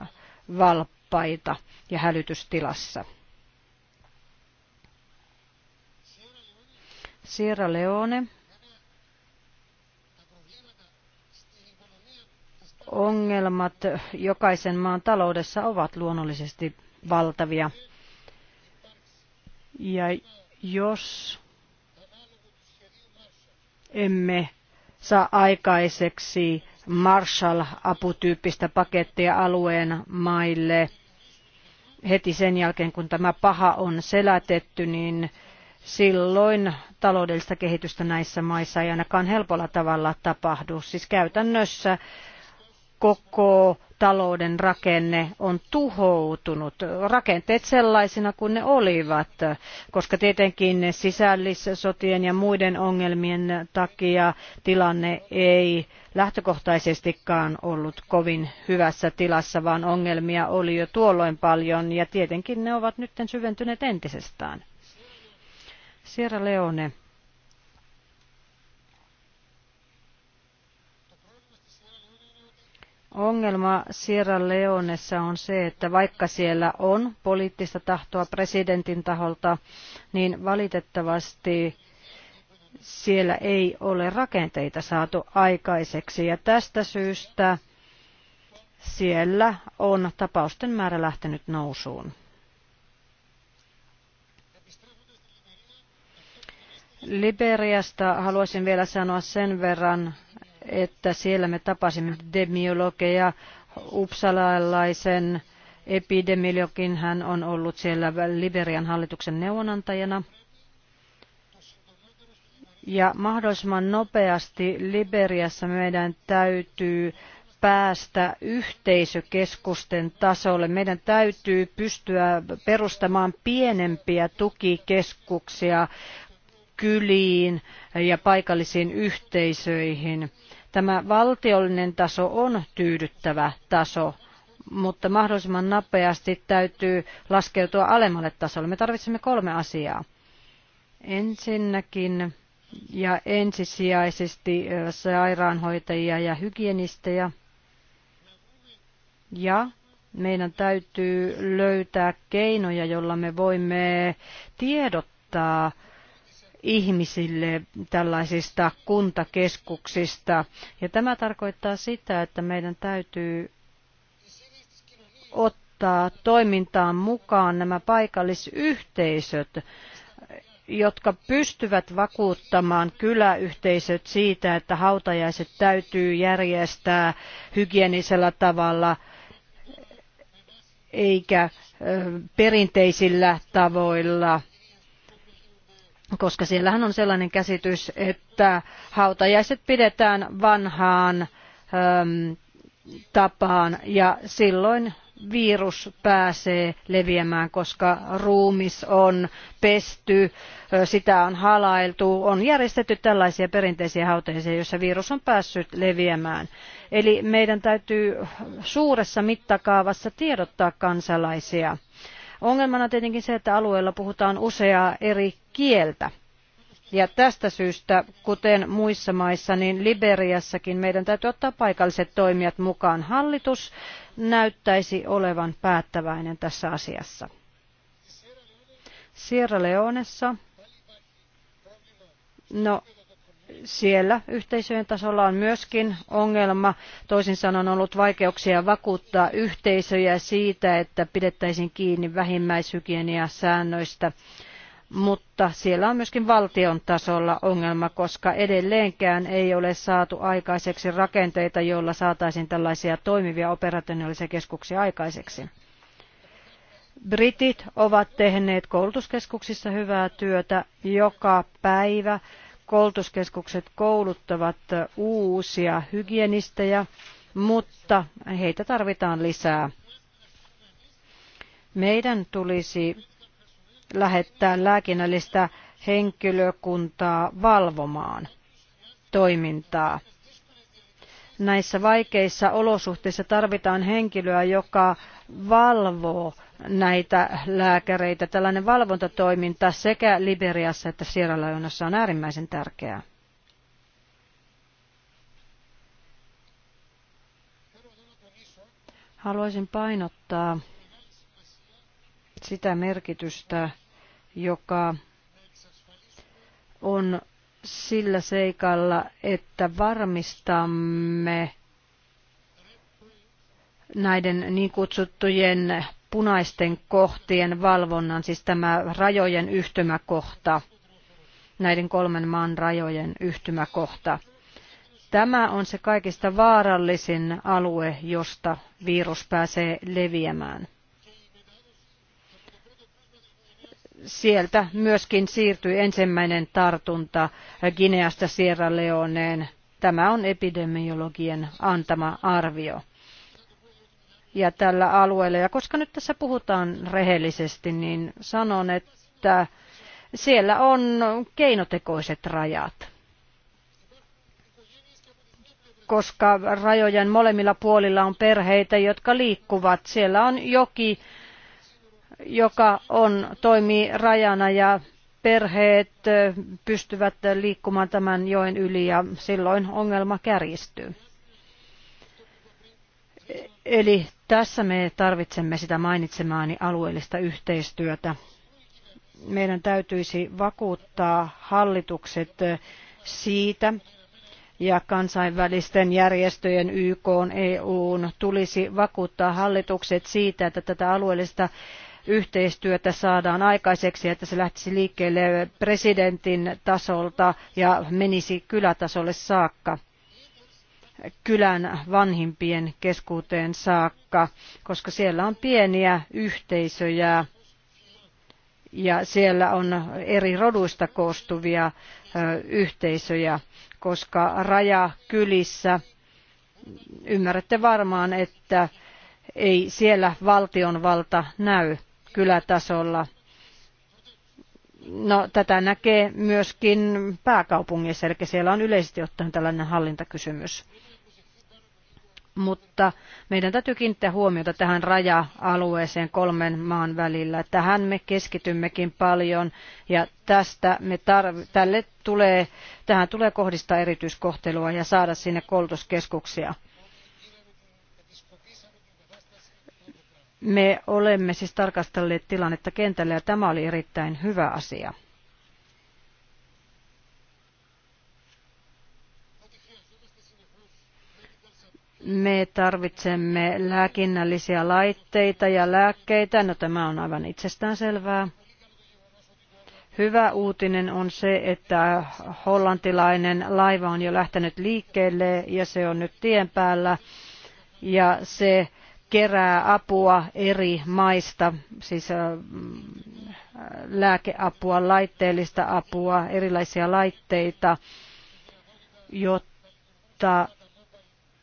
valppaita ja hälytystilassa. Sierra Leone. Ongelmat jokaisen maan taloudessa ovat luonnollisesti valtavia. Ja jos emme saa aikaiseksi Marshall-aputyyppistä pakettia alueen maille heti sen jälkeen, kun tämä paha on selätetty, niin silloin taloudellista kehitystä näissä maissa ei ainakaan helpolla tavalla tapahdu. Siis käytännössä koko talouden rakenne on tuhoutunut, rakenteet sellaisina kuin ne olivat, koska tietenkin sisällissotien ja muiden ongelmien takia tilanne ei lähtökohtaisestikaan ollut kovin hyvässä tilassa, vaan ongelmia oli jo tuolloin paljon ja tietenkin ne ovat nyt syventyneet entisestään. Sierra Leone Ongelma Sierra Leonessa on se, että vaikka siellä on poliittista tahtoa presidentin taholta, niin valitettavasti siellä ei ole rakenteita saatu aikaiseksi. Ja tästä syystä siellä on tapausten määrä lähtenyt nousuun. Liberiasta haluaisin vielä sanoa sen verran, että siellä me tapasimme demiologeja, upsalaalaisen epidemiologin, hän on ollut siellä Liberian hallituksen neuvonantajana. Ja mahdollisimman nopeasti Liberiassa meidän täytyy päästä yhteisökeskusten tasolle. Meidän täytyy pystyä perustamaan pienempiä tukikeskuksia kyliin ja paikallisiin yhteisöihin. Tämä valtiollinen taso on tyydyttävä taso, mutta mahdollisimman nopeasti täytyy laskeutua alemmalle tasolle. Me tarvitsemme kolme asiaa. Ensinnäkin ja ensisijaisesti sairaanhoitajia ja hygienistejä. Ja meidän täytyy löytää keinoja, jolla me voimme tiedottaa ihmisille tällaisista kuntakeskuksista. Ja tämä tarkoittaa sitä, että meidän täytyy ottaa toimintaan mukaan nämä paikallisyhteisöt, jotka pystyvät vakuuttamaan kyläyhteisöt siitä, että hautajaiset täytyy järjestää hygienisellä tavalla eikä perinteisillä tavoilla – koska siellähän on sellainen käsitys, että hautajaiset pidetään vanhaan äm, tapaan ja silloin virus pääsee leviämään, koska ruumis on pesty, sitä on halailtu, on järjestetty tällaisia perinteisiä hautajaisia, joissa virus on päässyt leviämään. Eli meidän täytyy suuressa mittakaavassa tiedottaa kansalaisia Ongelmana on tietenkin se, että alueella puhutaan useaa eri kieltä. Ja tästä syystä, kuten muissa maissa, niin Liberiassakin meidän täytyy ottaa paikalliset toimijat mukaan. Hallitus näyttäisi olevan päättäväinen tässä asiassa. Sierra Leonessa, no siellä yhteisöjen tasolla on myöskin ongelma. Toisin sanoen on ollut vaikeuksia vakuuttaa yhteisöjä siitä, että pidettäisiin kiinni vähimmäishygieniasäännöistä. Mutta siellä on myöskin valtion tasolla ongelma, koska edelleenkään ei ole saatu aikaiseksi rakenteita, joilla saataisiin tällaisia toimivia operationaalisia keskuksia aikaiseksi. Britit ovat tehneet koulutuskeskuksissa hyvää työtä joka päivä koulutuskeskukset kouluttavat uusia hygienistejä, mutta heitä tarvitaan lisää. Meidän tulisi lähettää lääkinnällistä henkilökuntaa valvomaan toimintaa. Näissä vaikeissa olosuhteissa tarvitaan henkilöä, joka valvoo näitä lääkäreitä. Tällainen valvontatoiminta sekä Liberiassa että Sierra Leoneassa on äärimmäisen tärkeää. Haluaisin painottaa sitä merkitystä, joka on sillä seikalla, että varmistamme näiden niin kutsuttujen punaisten kohtien valvonnan, siis tämä rajojen yhtymäkohta, näiden kolmen maan rajojen yhtymäkohta. Tämä on se kaikista vaarallisin alue, josta virus pääsee leviämään. Sieltä myöskin siirtyi ensimmäinen tartunta Gineasta Sierra Leoneen. Tämä on epidemiologien antama arvio ja tällä alueella. Ja koska nyt tässä puhutaan rehellisesti, niin sanon, että siellä on keinotekoiset rajat. Koska rajojen molemmilla puolilla on perheitä, jotka liikkuvat. Siellä on joki, joka on, toimii rajana ja perheet pystyvät liikkumaan tämän joen yli ja silloin ongelma kärjistyy. E, eli tässä me tarvitsemme sitä mainitsemaani alueellista yhteistyötä. Meidän täytyisi vakuuttaa hallitukset siitä, ja kansainvälisten järjestöjen YK, EUn tulisi vakuuttaa hallitukset siitä, että tätä alueellista yhteistyötä saadaan aikaiseksi, että se lähtisi liikkeelle presidentin tasolta ja menisi kylätasolle saakka kylän vanhimpien keskuuteen saakka, koska siellä on pieniä yhteisöjä ja siellä on eri roduista koostuvia yhteisöjä, koska rajakylissä ymmärrätte varmaan, että ei siellä valtionvalta näy kylätasolla No, tätä näkee myöskin pääkaupungissa, eli siellä on yleisesti ottaen tällainen hallintakysymys. Mutta meidän täytyy kiinnittää huomiota tähän raja-alueeseen kolmen maan välillä. Tähän me keskitymmekin paljon ja tästä me tarv- tälle tulee, tähän tulee kohdistaa erityiskohtelua ja saada sinne koulutuskeskuksia Me olemme siis tarkastelleet tilannetta kentällä ja tämä oli erittäin hyvä asia. Me tarvitsemme lääkinnällisiä laitteita ja lääkkeitä. No tämä on aivan itsestään selvää. Hyvä uutinen on se, että hollantilainen laiva on jo lähtenyt liikkeelle ja se on nyt tien päällä. Ja se kerää apua eri maista, siis mm, lääkeapua, laitteellista apua, erilaisia laitteita, jotta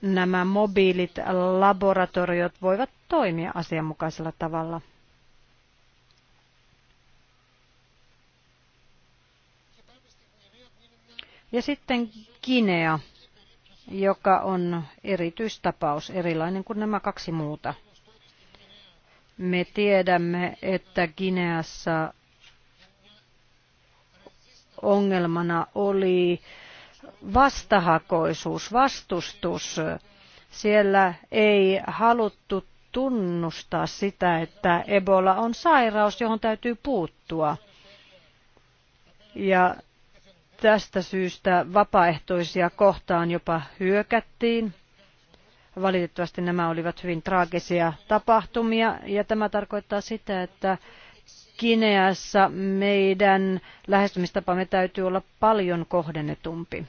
nämä mobiilit laboratoriot voivat toimia asianmukaisella tavalla. Ja sitten Kinea joka on erityistapaus, erilainen kuin nämä kaksi muuta. Me tiedämme, että Gineassa ongelmana oli vastahakoisuus, vastustus. Siellä ei haluttu tunnustaa sitä, että Ebola on sairaus, johon täytyy puuttua. Ja tästä syystä vapaaehtoisia kohtaan jopa hyökättiin. Valitettavasti nämä olivat hyvin traagisia tapahtumia ja tämä tarkoittaa sitä, että Kineassa meidän lähestymistapamme täytyy olla paljon kohdennetumpi.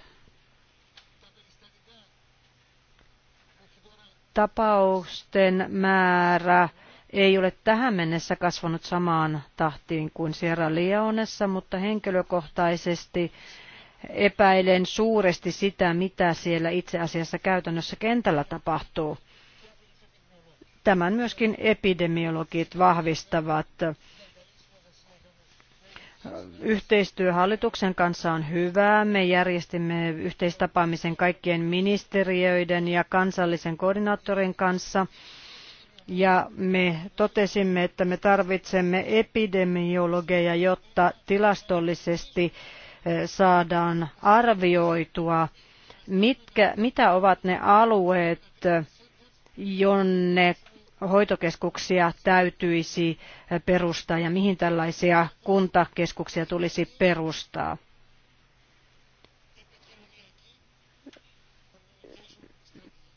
Tapausten määrä ei ole tähän mennessä kasvanut samaan tahtiin kuin Sierra Leonessa, mutta henkilökohtaisesti epäilen suuresti sitä, mitä siellä itse asiassa käytännössä kentällä tapahtuu. Tämän myöskin epidemiologit vahvistavat. Yhteistyö hallituksen kanssa on hyvää. Me järjestimme yhteistapaamisen kaikkien ministeriöiden ja kansallisen koordinaattorin kanssa ja me totesimme, että me tarvitsemme epidemiologeja, jotta tilastollisesti eh, saadaan arvioitua, mitkä, mitä ovat ne alueet, jonne hoitokeskuksia täytyisi eh, perustaa ja mihin tällaisia kuntakeskuksia tulisi perustaa.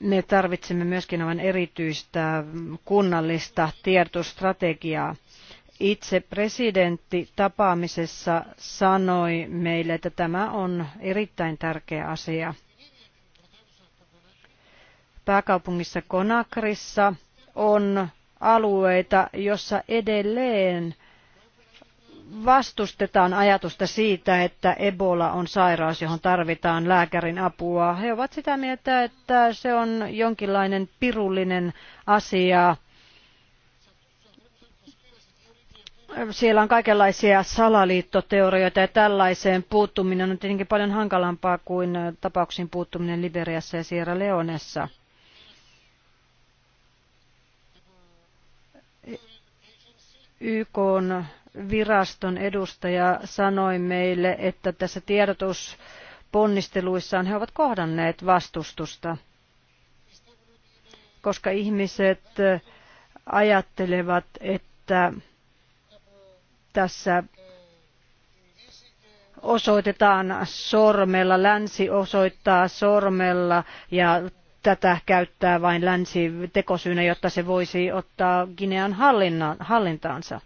me tarvitsemme myöskin aivan erityistä kunnallista tiedostrategiaa. Itse presidentti tapaamisessa sanoi meille, että tämä on erittäin tärkeä asia. Pääkaupungissa Konakrissa on alueita, jossa edelleen – vastustetaan ajatusta siitä, että Ebola on sairaus, johon tarvitaan lääkärin apua. He ovat sitä mieltä, että se on jonkinlainen pirullinen asia. Siellä on kaikenlaisia salaliittoteorioita ja tällaiseen puuttuminen on tietenkin paljon hankalampaa kuin tapauksiin puuttuminen Liberiassa ja Sierra Leonessa. YK on viraston edustaja sanoi meille, että tässä tiedotusponnisteluissaan he ovat kohdanneet vastustusta, koska ihmiset ajattelevat, että tässä osoitetaan sormella, länsi osoittaa sormella ja tätä käyttää vain länsi tekosyynä, jotta se voisi ottaa Ginean hallintaansa.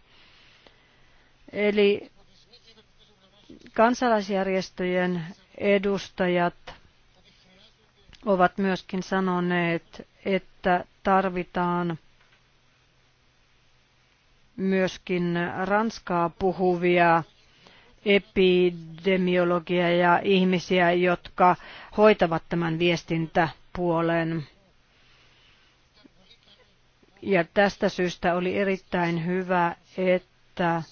Eli kansalaisjärjestöjen edustajat ovat myöskin sanoneet, että tarvitaan myöskin ranskaa puhuvia epidemiologia ja ihmisiä, jotka hoitavat tämän viestintäpuolen. Ja tästä syystä oli erittäin hyvä, että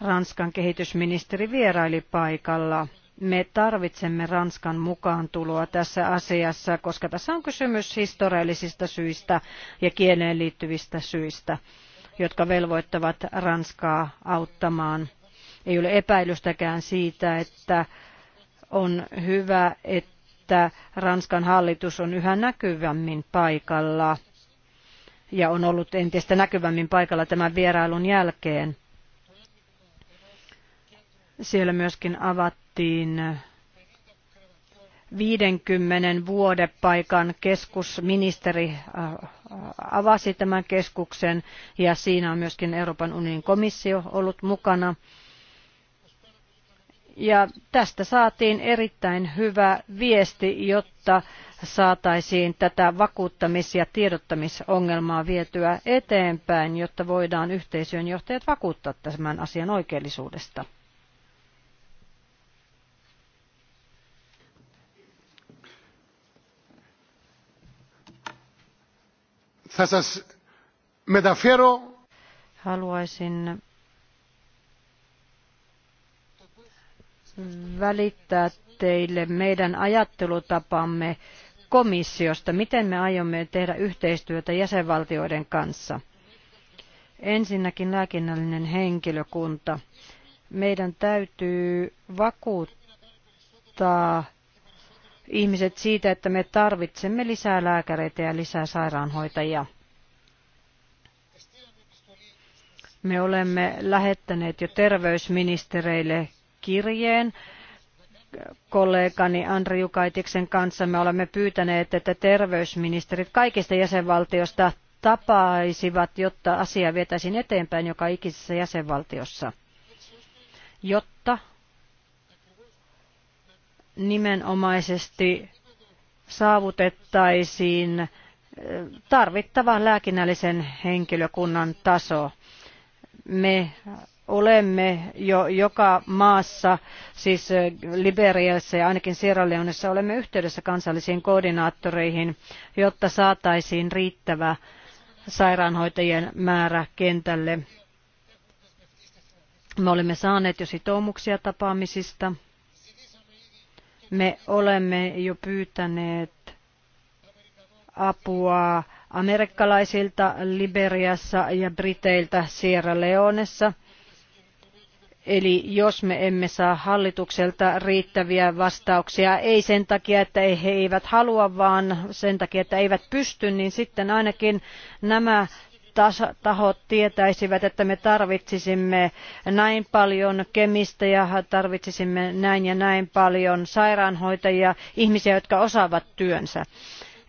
Ranskan kehitysministeri vieraili paikalla. Me tarvitsemme Ranskan mukaan tuloa tässä asiassa, koska tässä on kysymys historiallisista syistä ja kieleen liittyvistä syistä, jotka velvoittavat Ranskaa auttamaan. Ei ole epäilystäkään siitä, että on hyvä, että Ranskan hallitus on yhä näkyvämmin paikalla ja on ollut entistä näkyvämmin paikalla tämän vierailun jälkeen. Siellä myöskin avattiin 50 vuodepaikan keskusministeri äh, äh, avasi tämän keskuksen ja siinä on myöskin Euroopan unionin komissio ollut mukana. Ja tästä saatiin erittäin hyvä viesti, jotta saataisiin tätä vakuuttamis- ja tiedottamisongelmaa vietyä eteenpäin, jotta voidaan yhteisöjen johtajat vakuuttaa tämän asian oikeellisuudesta. θα σας μεταφέρω Haluaisin välittää teille meidän ajattelutapamme komissiosta, miten me aiomme tehdä yhteistyötä jäsenvaltioiden kanssa. Ensinnäkin lääkinnällinen henkilökunta. Meidän täytyy vakuuttaa ihmiset siitä, että me tarvitsemme lisää lääkäreitä ja lisää sairaanhoitajia. Me olemme lähettäneet jo terveysministereille kirjeen kollegani Andri Jukaitiksen kanssa. Me olemme pyytäneet, että terveysministerit kaikista jäsenvaltioista tapaisivat, jotta asia vietäisiin eteenpäin joka ikisessä jäsenvaltiossa, jotta nimenomaisesti saavutettaisiin eh, tarvittava lääkinnällisen henkilökunnan taso. Me olemme jo joka maassa, siis eh, Liberiassa ja ainakin Sierra Leoneissa, olemme yhteydessä kansallisiin koordinaattoreihin, jotta saataisiin riittävä sairaanhoitajien määrä kentälle. Me olemme saaneet jo sitoumuksia tapaamisista me olemme jo pyytäneet apua amerikkalaisilta Liberiassa ja Briteiltä Sierra Leonessa. Eli jos me emme saa hallitukselta riittäviä vastauksia, ei sen takia, että he eivät halua, vaan sen takia, että eivät pysty, niin sitten ainakin nämä tahot tietäisivät, että me tarvitsisimme näin paljon kemistejä, tarvitsisimme näin ja näin paljon sairaanhoitajia, ihmisiä, jotka osaavat työnsä.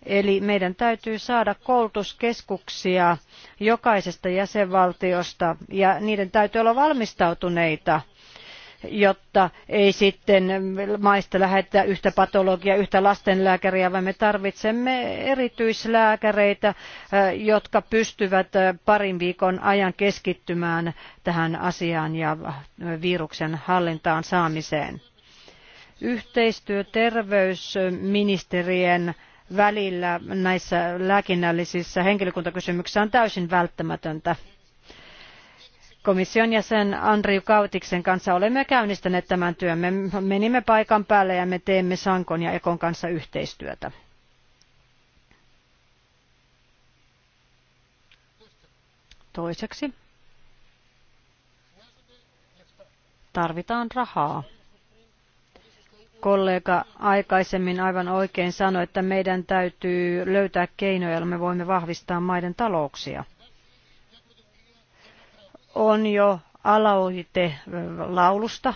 Eli meidän täytyy saada koulutuskeskuksia jokaisesta jäsenvaltiosta ja niiden täytyy olla valmistautuneita jotta ei sitten maista lähetetä yhtä patologiaa, yhtä lastenlääkäriä, vaan me tarvitsemme erityislääkäreitä, jotka pystyvät parin viikon ajan keskittymään tähän asiaan ja viruksen hallintaan saamiseen. Yhteistyö terveysministerien välillä näissä lääkinnällisissä henkilökuntakysymyksissä on täysin välttämätöntä komission jäsen Andriu Kautiksen kanssa olemme käynnistäneet tämän työn. Me menimme paikan päälle ja me teemme Sankon ja Ekon kanssa yhteistyötä. Toiseksi tarvitaan rahaa. Kollega aikaisemmin aivan oikein sanoi, että meidän täytyy löytää keinoja, joilla me voimme vahvistaa maiden talouksia – on jo aloite laulusta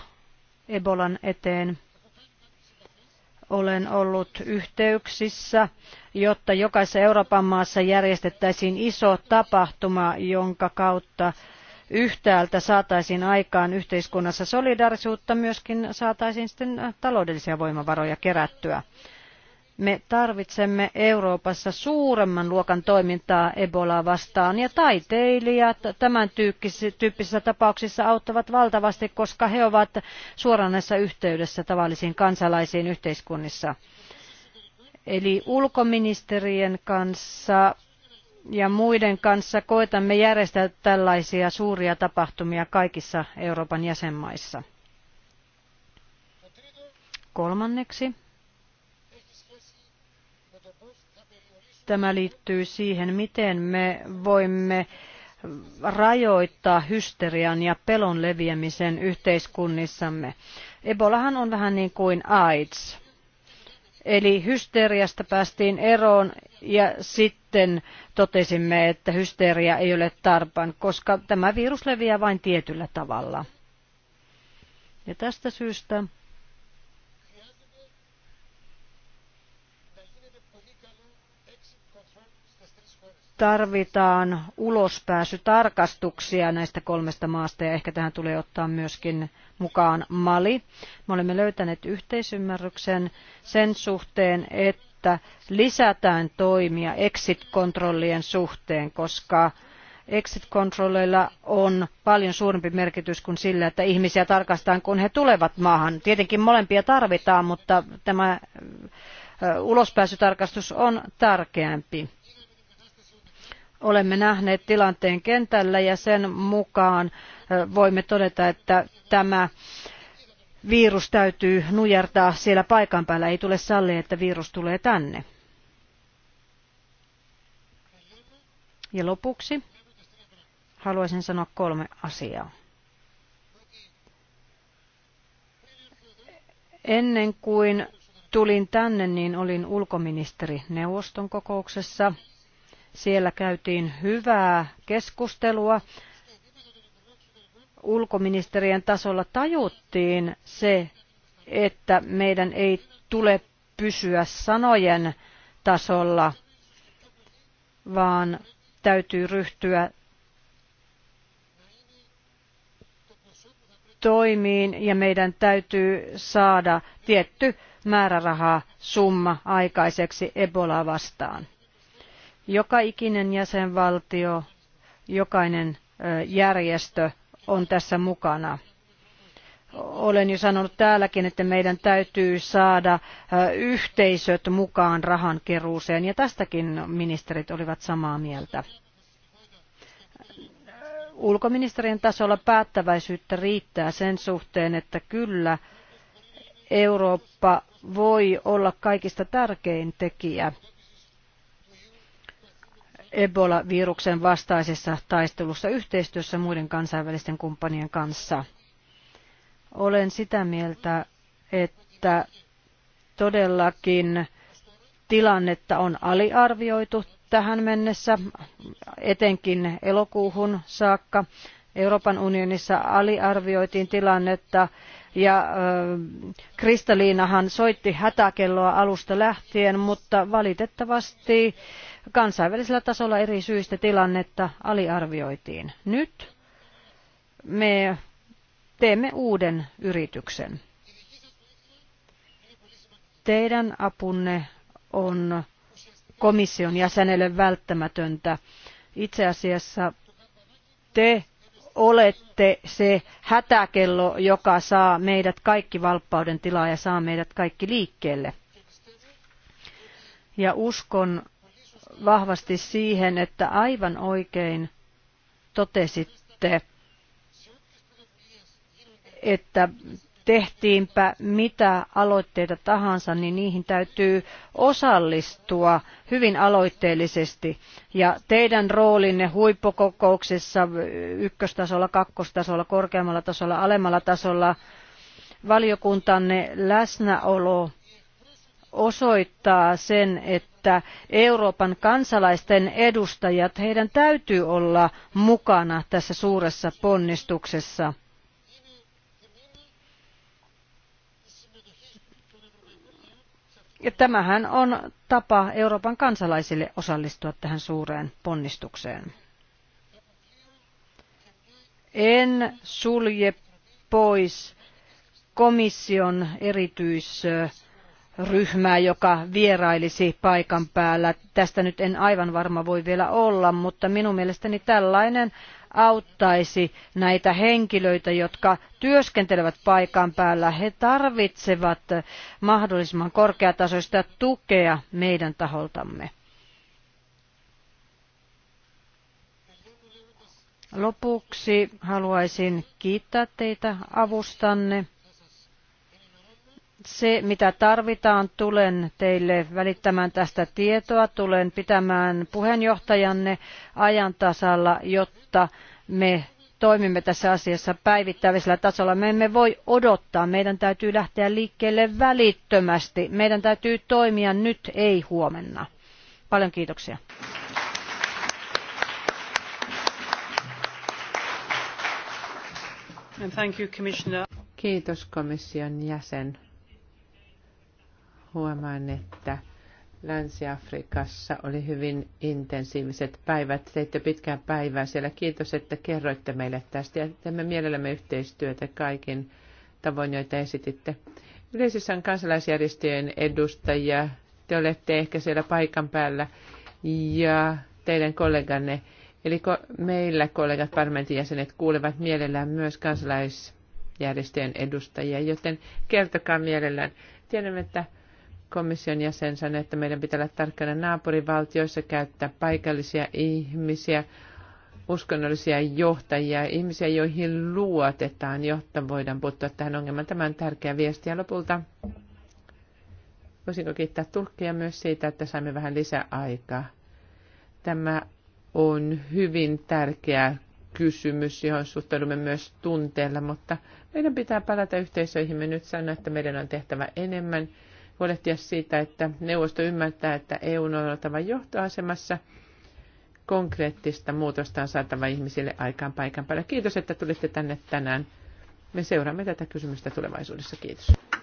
Ebolan eteen. Olen ollut yhteyksissä, jotta jokaisessa Euroopan maassa järjestettäisiin iso tapahtuma, jonka kautta yhtäältä saataisiin aikaan yhteiskunnassa solidaarisuutta, myöskin saataisiin sitten taloudellisia voimavaroja kerättyä. Me tarvitsemme Euroopassa suuremman luokan toimintaa Ebolaa vastaan ja taiteilijat tämän tyyppisissä tapauksissa auttavat valtavasti, koska he ovat suoranaisessa yhteydessä tavallisiin kansalaisiin yhteiskunnissa. Eli ulkoministerien kanssa ja muiden kanssa koetamme järjestää tällaisia suuria tapahtumia kaikissa Euroopan jäsenmaissa. Kolmanneksi Tämä liittyy siihen, miten me voimme rajoittaa hysterian ja pelon leviämisen yhteiskunnissamme. Ebolahan on vähän niin kuin AIDS. Eli hysteriasta päästiin eroon ja sitten totesimme, että hysteria ei ole tarpeen, koska tämä virus leviää vain tietyllä tavalla. Ja tästä syystä tarvitaan ulospääsytarkastuksia näistä kolmesta maasta ja ehkä tähän tulee ottaa myöskin mukaan Mali. Me olemme löytäneet yhteisymmärryksen sen suhteen, että lisätään toimia exit-kontrollien suhteen, koska exit-kontrolleilla on paljon suurempi merkitys kuin sillä, että ihmisiä tarkastetaan, kun he tulevat maahan. Tietenkin molempia tarvitaan, mutta tämä ulospääsytarkastus on tärkeämpi olemme nähneet tilanteen kentällä ja sen mukaan voimme todeta, että tämä virus täytyy nujertaa siellä paikan päällä. Ei tule sallia, että virus tulee tänne. Ja lopuksi haluaisin sanoa kolme asiaa. Ennen kuin tulin tänne, niin olin ulkoministeri neuvoston kokouksessa – siellä käytiin hyvää keskustelua. Ulkoministerien tasolla tajuttiin se, että meidän ei tule pysyä sanojen tasolla, vaan täytyy ryhtyä toimiin ja meidän täytyy saada tietty määrärahasumma aikaiseksi Ebola vastaan. Joka ikinen jäsenvaltio, jokainen järjestö on tässä mukana. Olen jo sanonut täälläkin, että meidän täytyy saada yhteisöt mukaan rahankeruuseen, ja tästäkin ministerit olivat samaa mieltä ulkoministerien tasolla päättäväisyyttä riittää sen suhteen, että kyllä Eurooppa voi olla kaikista tärkein tekijä Ebola-viruksen vastaisessa taistelussa yhteistyössä muiden kansainvälisten kumppanien kanssa. Olen sitä mieltä, että todellakin tilannetta on aliarvioitu tähän mennessä, etenkin elokuuhun saakka. Euroopan unionissa aliarvioitiin tilannetta ja äh, Kristaliinahan soitti hätäkelloa alusta lähtien, mutta valitettavasti kansainvälisellä tasolla eri syistä tilannetta aliarvioitiin. Nyt me teemme uuden yrityksen. Teidän apunne on komission jäsenelle välttämätöntä. Itse asiassa te olette se hätäkello, joka saa meidät kaikki valppauden tilaa ja saa meidät kaikki liikkeelle. Ja uskon, vahvasti siihen, että aivan oikein totesitte, että tehtiinpä mitä aloitteita tahansa, niin niihin täytyy osallistua hyvin aloitteellisesti. Ja teidän roolinne huippukokouksessa ykköstasolla, kakkostasolla, korkeammalla tasolla, alemmalla tasolla, valiokuntanne läsnäolo osoittaa sen, että että Euroopan kansalaisten edustajat, heidän täytyy olla mukana tässä suuressa ponnistuksessa. Ja tämähän on tapa Euroopan kansalaisille osallistua tähän suureen ponnistukseen. En sulje pois komission erityis ryhmää, joka vierailisi paikan päällä. Tästä nyt en aivan varma voi vielä olla, mutta minun mielestäni tällainen auttaisi näitä henkilöitä, jotka työskentelevät paikan päällä. He tarvitsevat mahdollisimman korkeatasoista tukea meidän taholtamme. Lopuksi haluaisin kiittää teitä avustanne se, mitä tarvitaan, tulen teille välittämään tästä tietoa, tulen pitämään puheenjohtajanne ajan tasalla, jotta me toimimme tässä asiassa päivittäisellä tasolla. Me emme voi odottaa, meidän täytyy lähteä liikkeelle välittömästi. Meidän täytyy toimia nyt, ei huomenna. Paljon kiitoksia. Kiitos komission jäsen huomaan, että Länsi-Afrikassa oli hyvin intensiiviset päivät. Teitte pitkään päivää siellä. Kiitos, että kerroitte meille tästä ja teemme mielellämme yhteistyötä kaikin tavoin, joita esititte. yleisissä on kansalaisjärjestöjen edustajia. Te olette ehkä siellä paikan päällä ja teidän kolleganne. Eli ko- meillä kollegat parlamentin jäsenet kuulevat mielellään myös kansalaisjärjestöjen edustajia, joten kertokaa mielellään. Tiedämme, että komission jäsen sanoi, että meidän pitää olla tarkkana naapurivaltioissa, käyttää paikallisia ihmisiä, uskonnollisia johtajia, ihmisiä, joihin luotetaan, jotta voidaan puuttua tähän ongelmaan. Tämä on tärkeä viesti. Ja lopulta voisinko kiittää tulkkia myös siitä, että saimme vähän lisää aikaa. Tämä on hyvin tärkeä kysymys, johon suhtaudumme myös tunteella, mutta meidän pitää palata yhteisöihimme nyt sanoa, että meidän on tehtävä enemmän – huolehtia siitä, että neuvosto ymmärtää, että EU on oltava johtoasemassa. Konkreettista muutosta on saatava ihmisille aikaan paikan päällä. Kiitos, että tulitte tänne tänään. Me seuraamme tätä kysymystä tulevaisuudessa. Kiitos.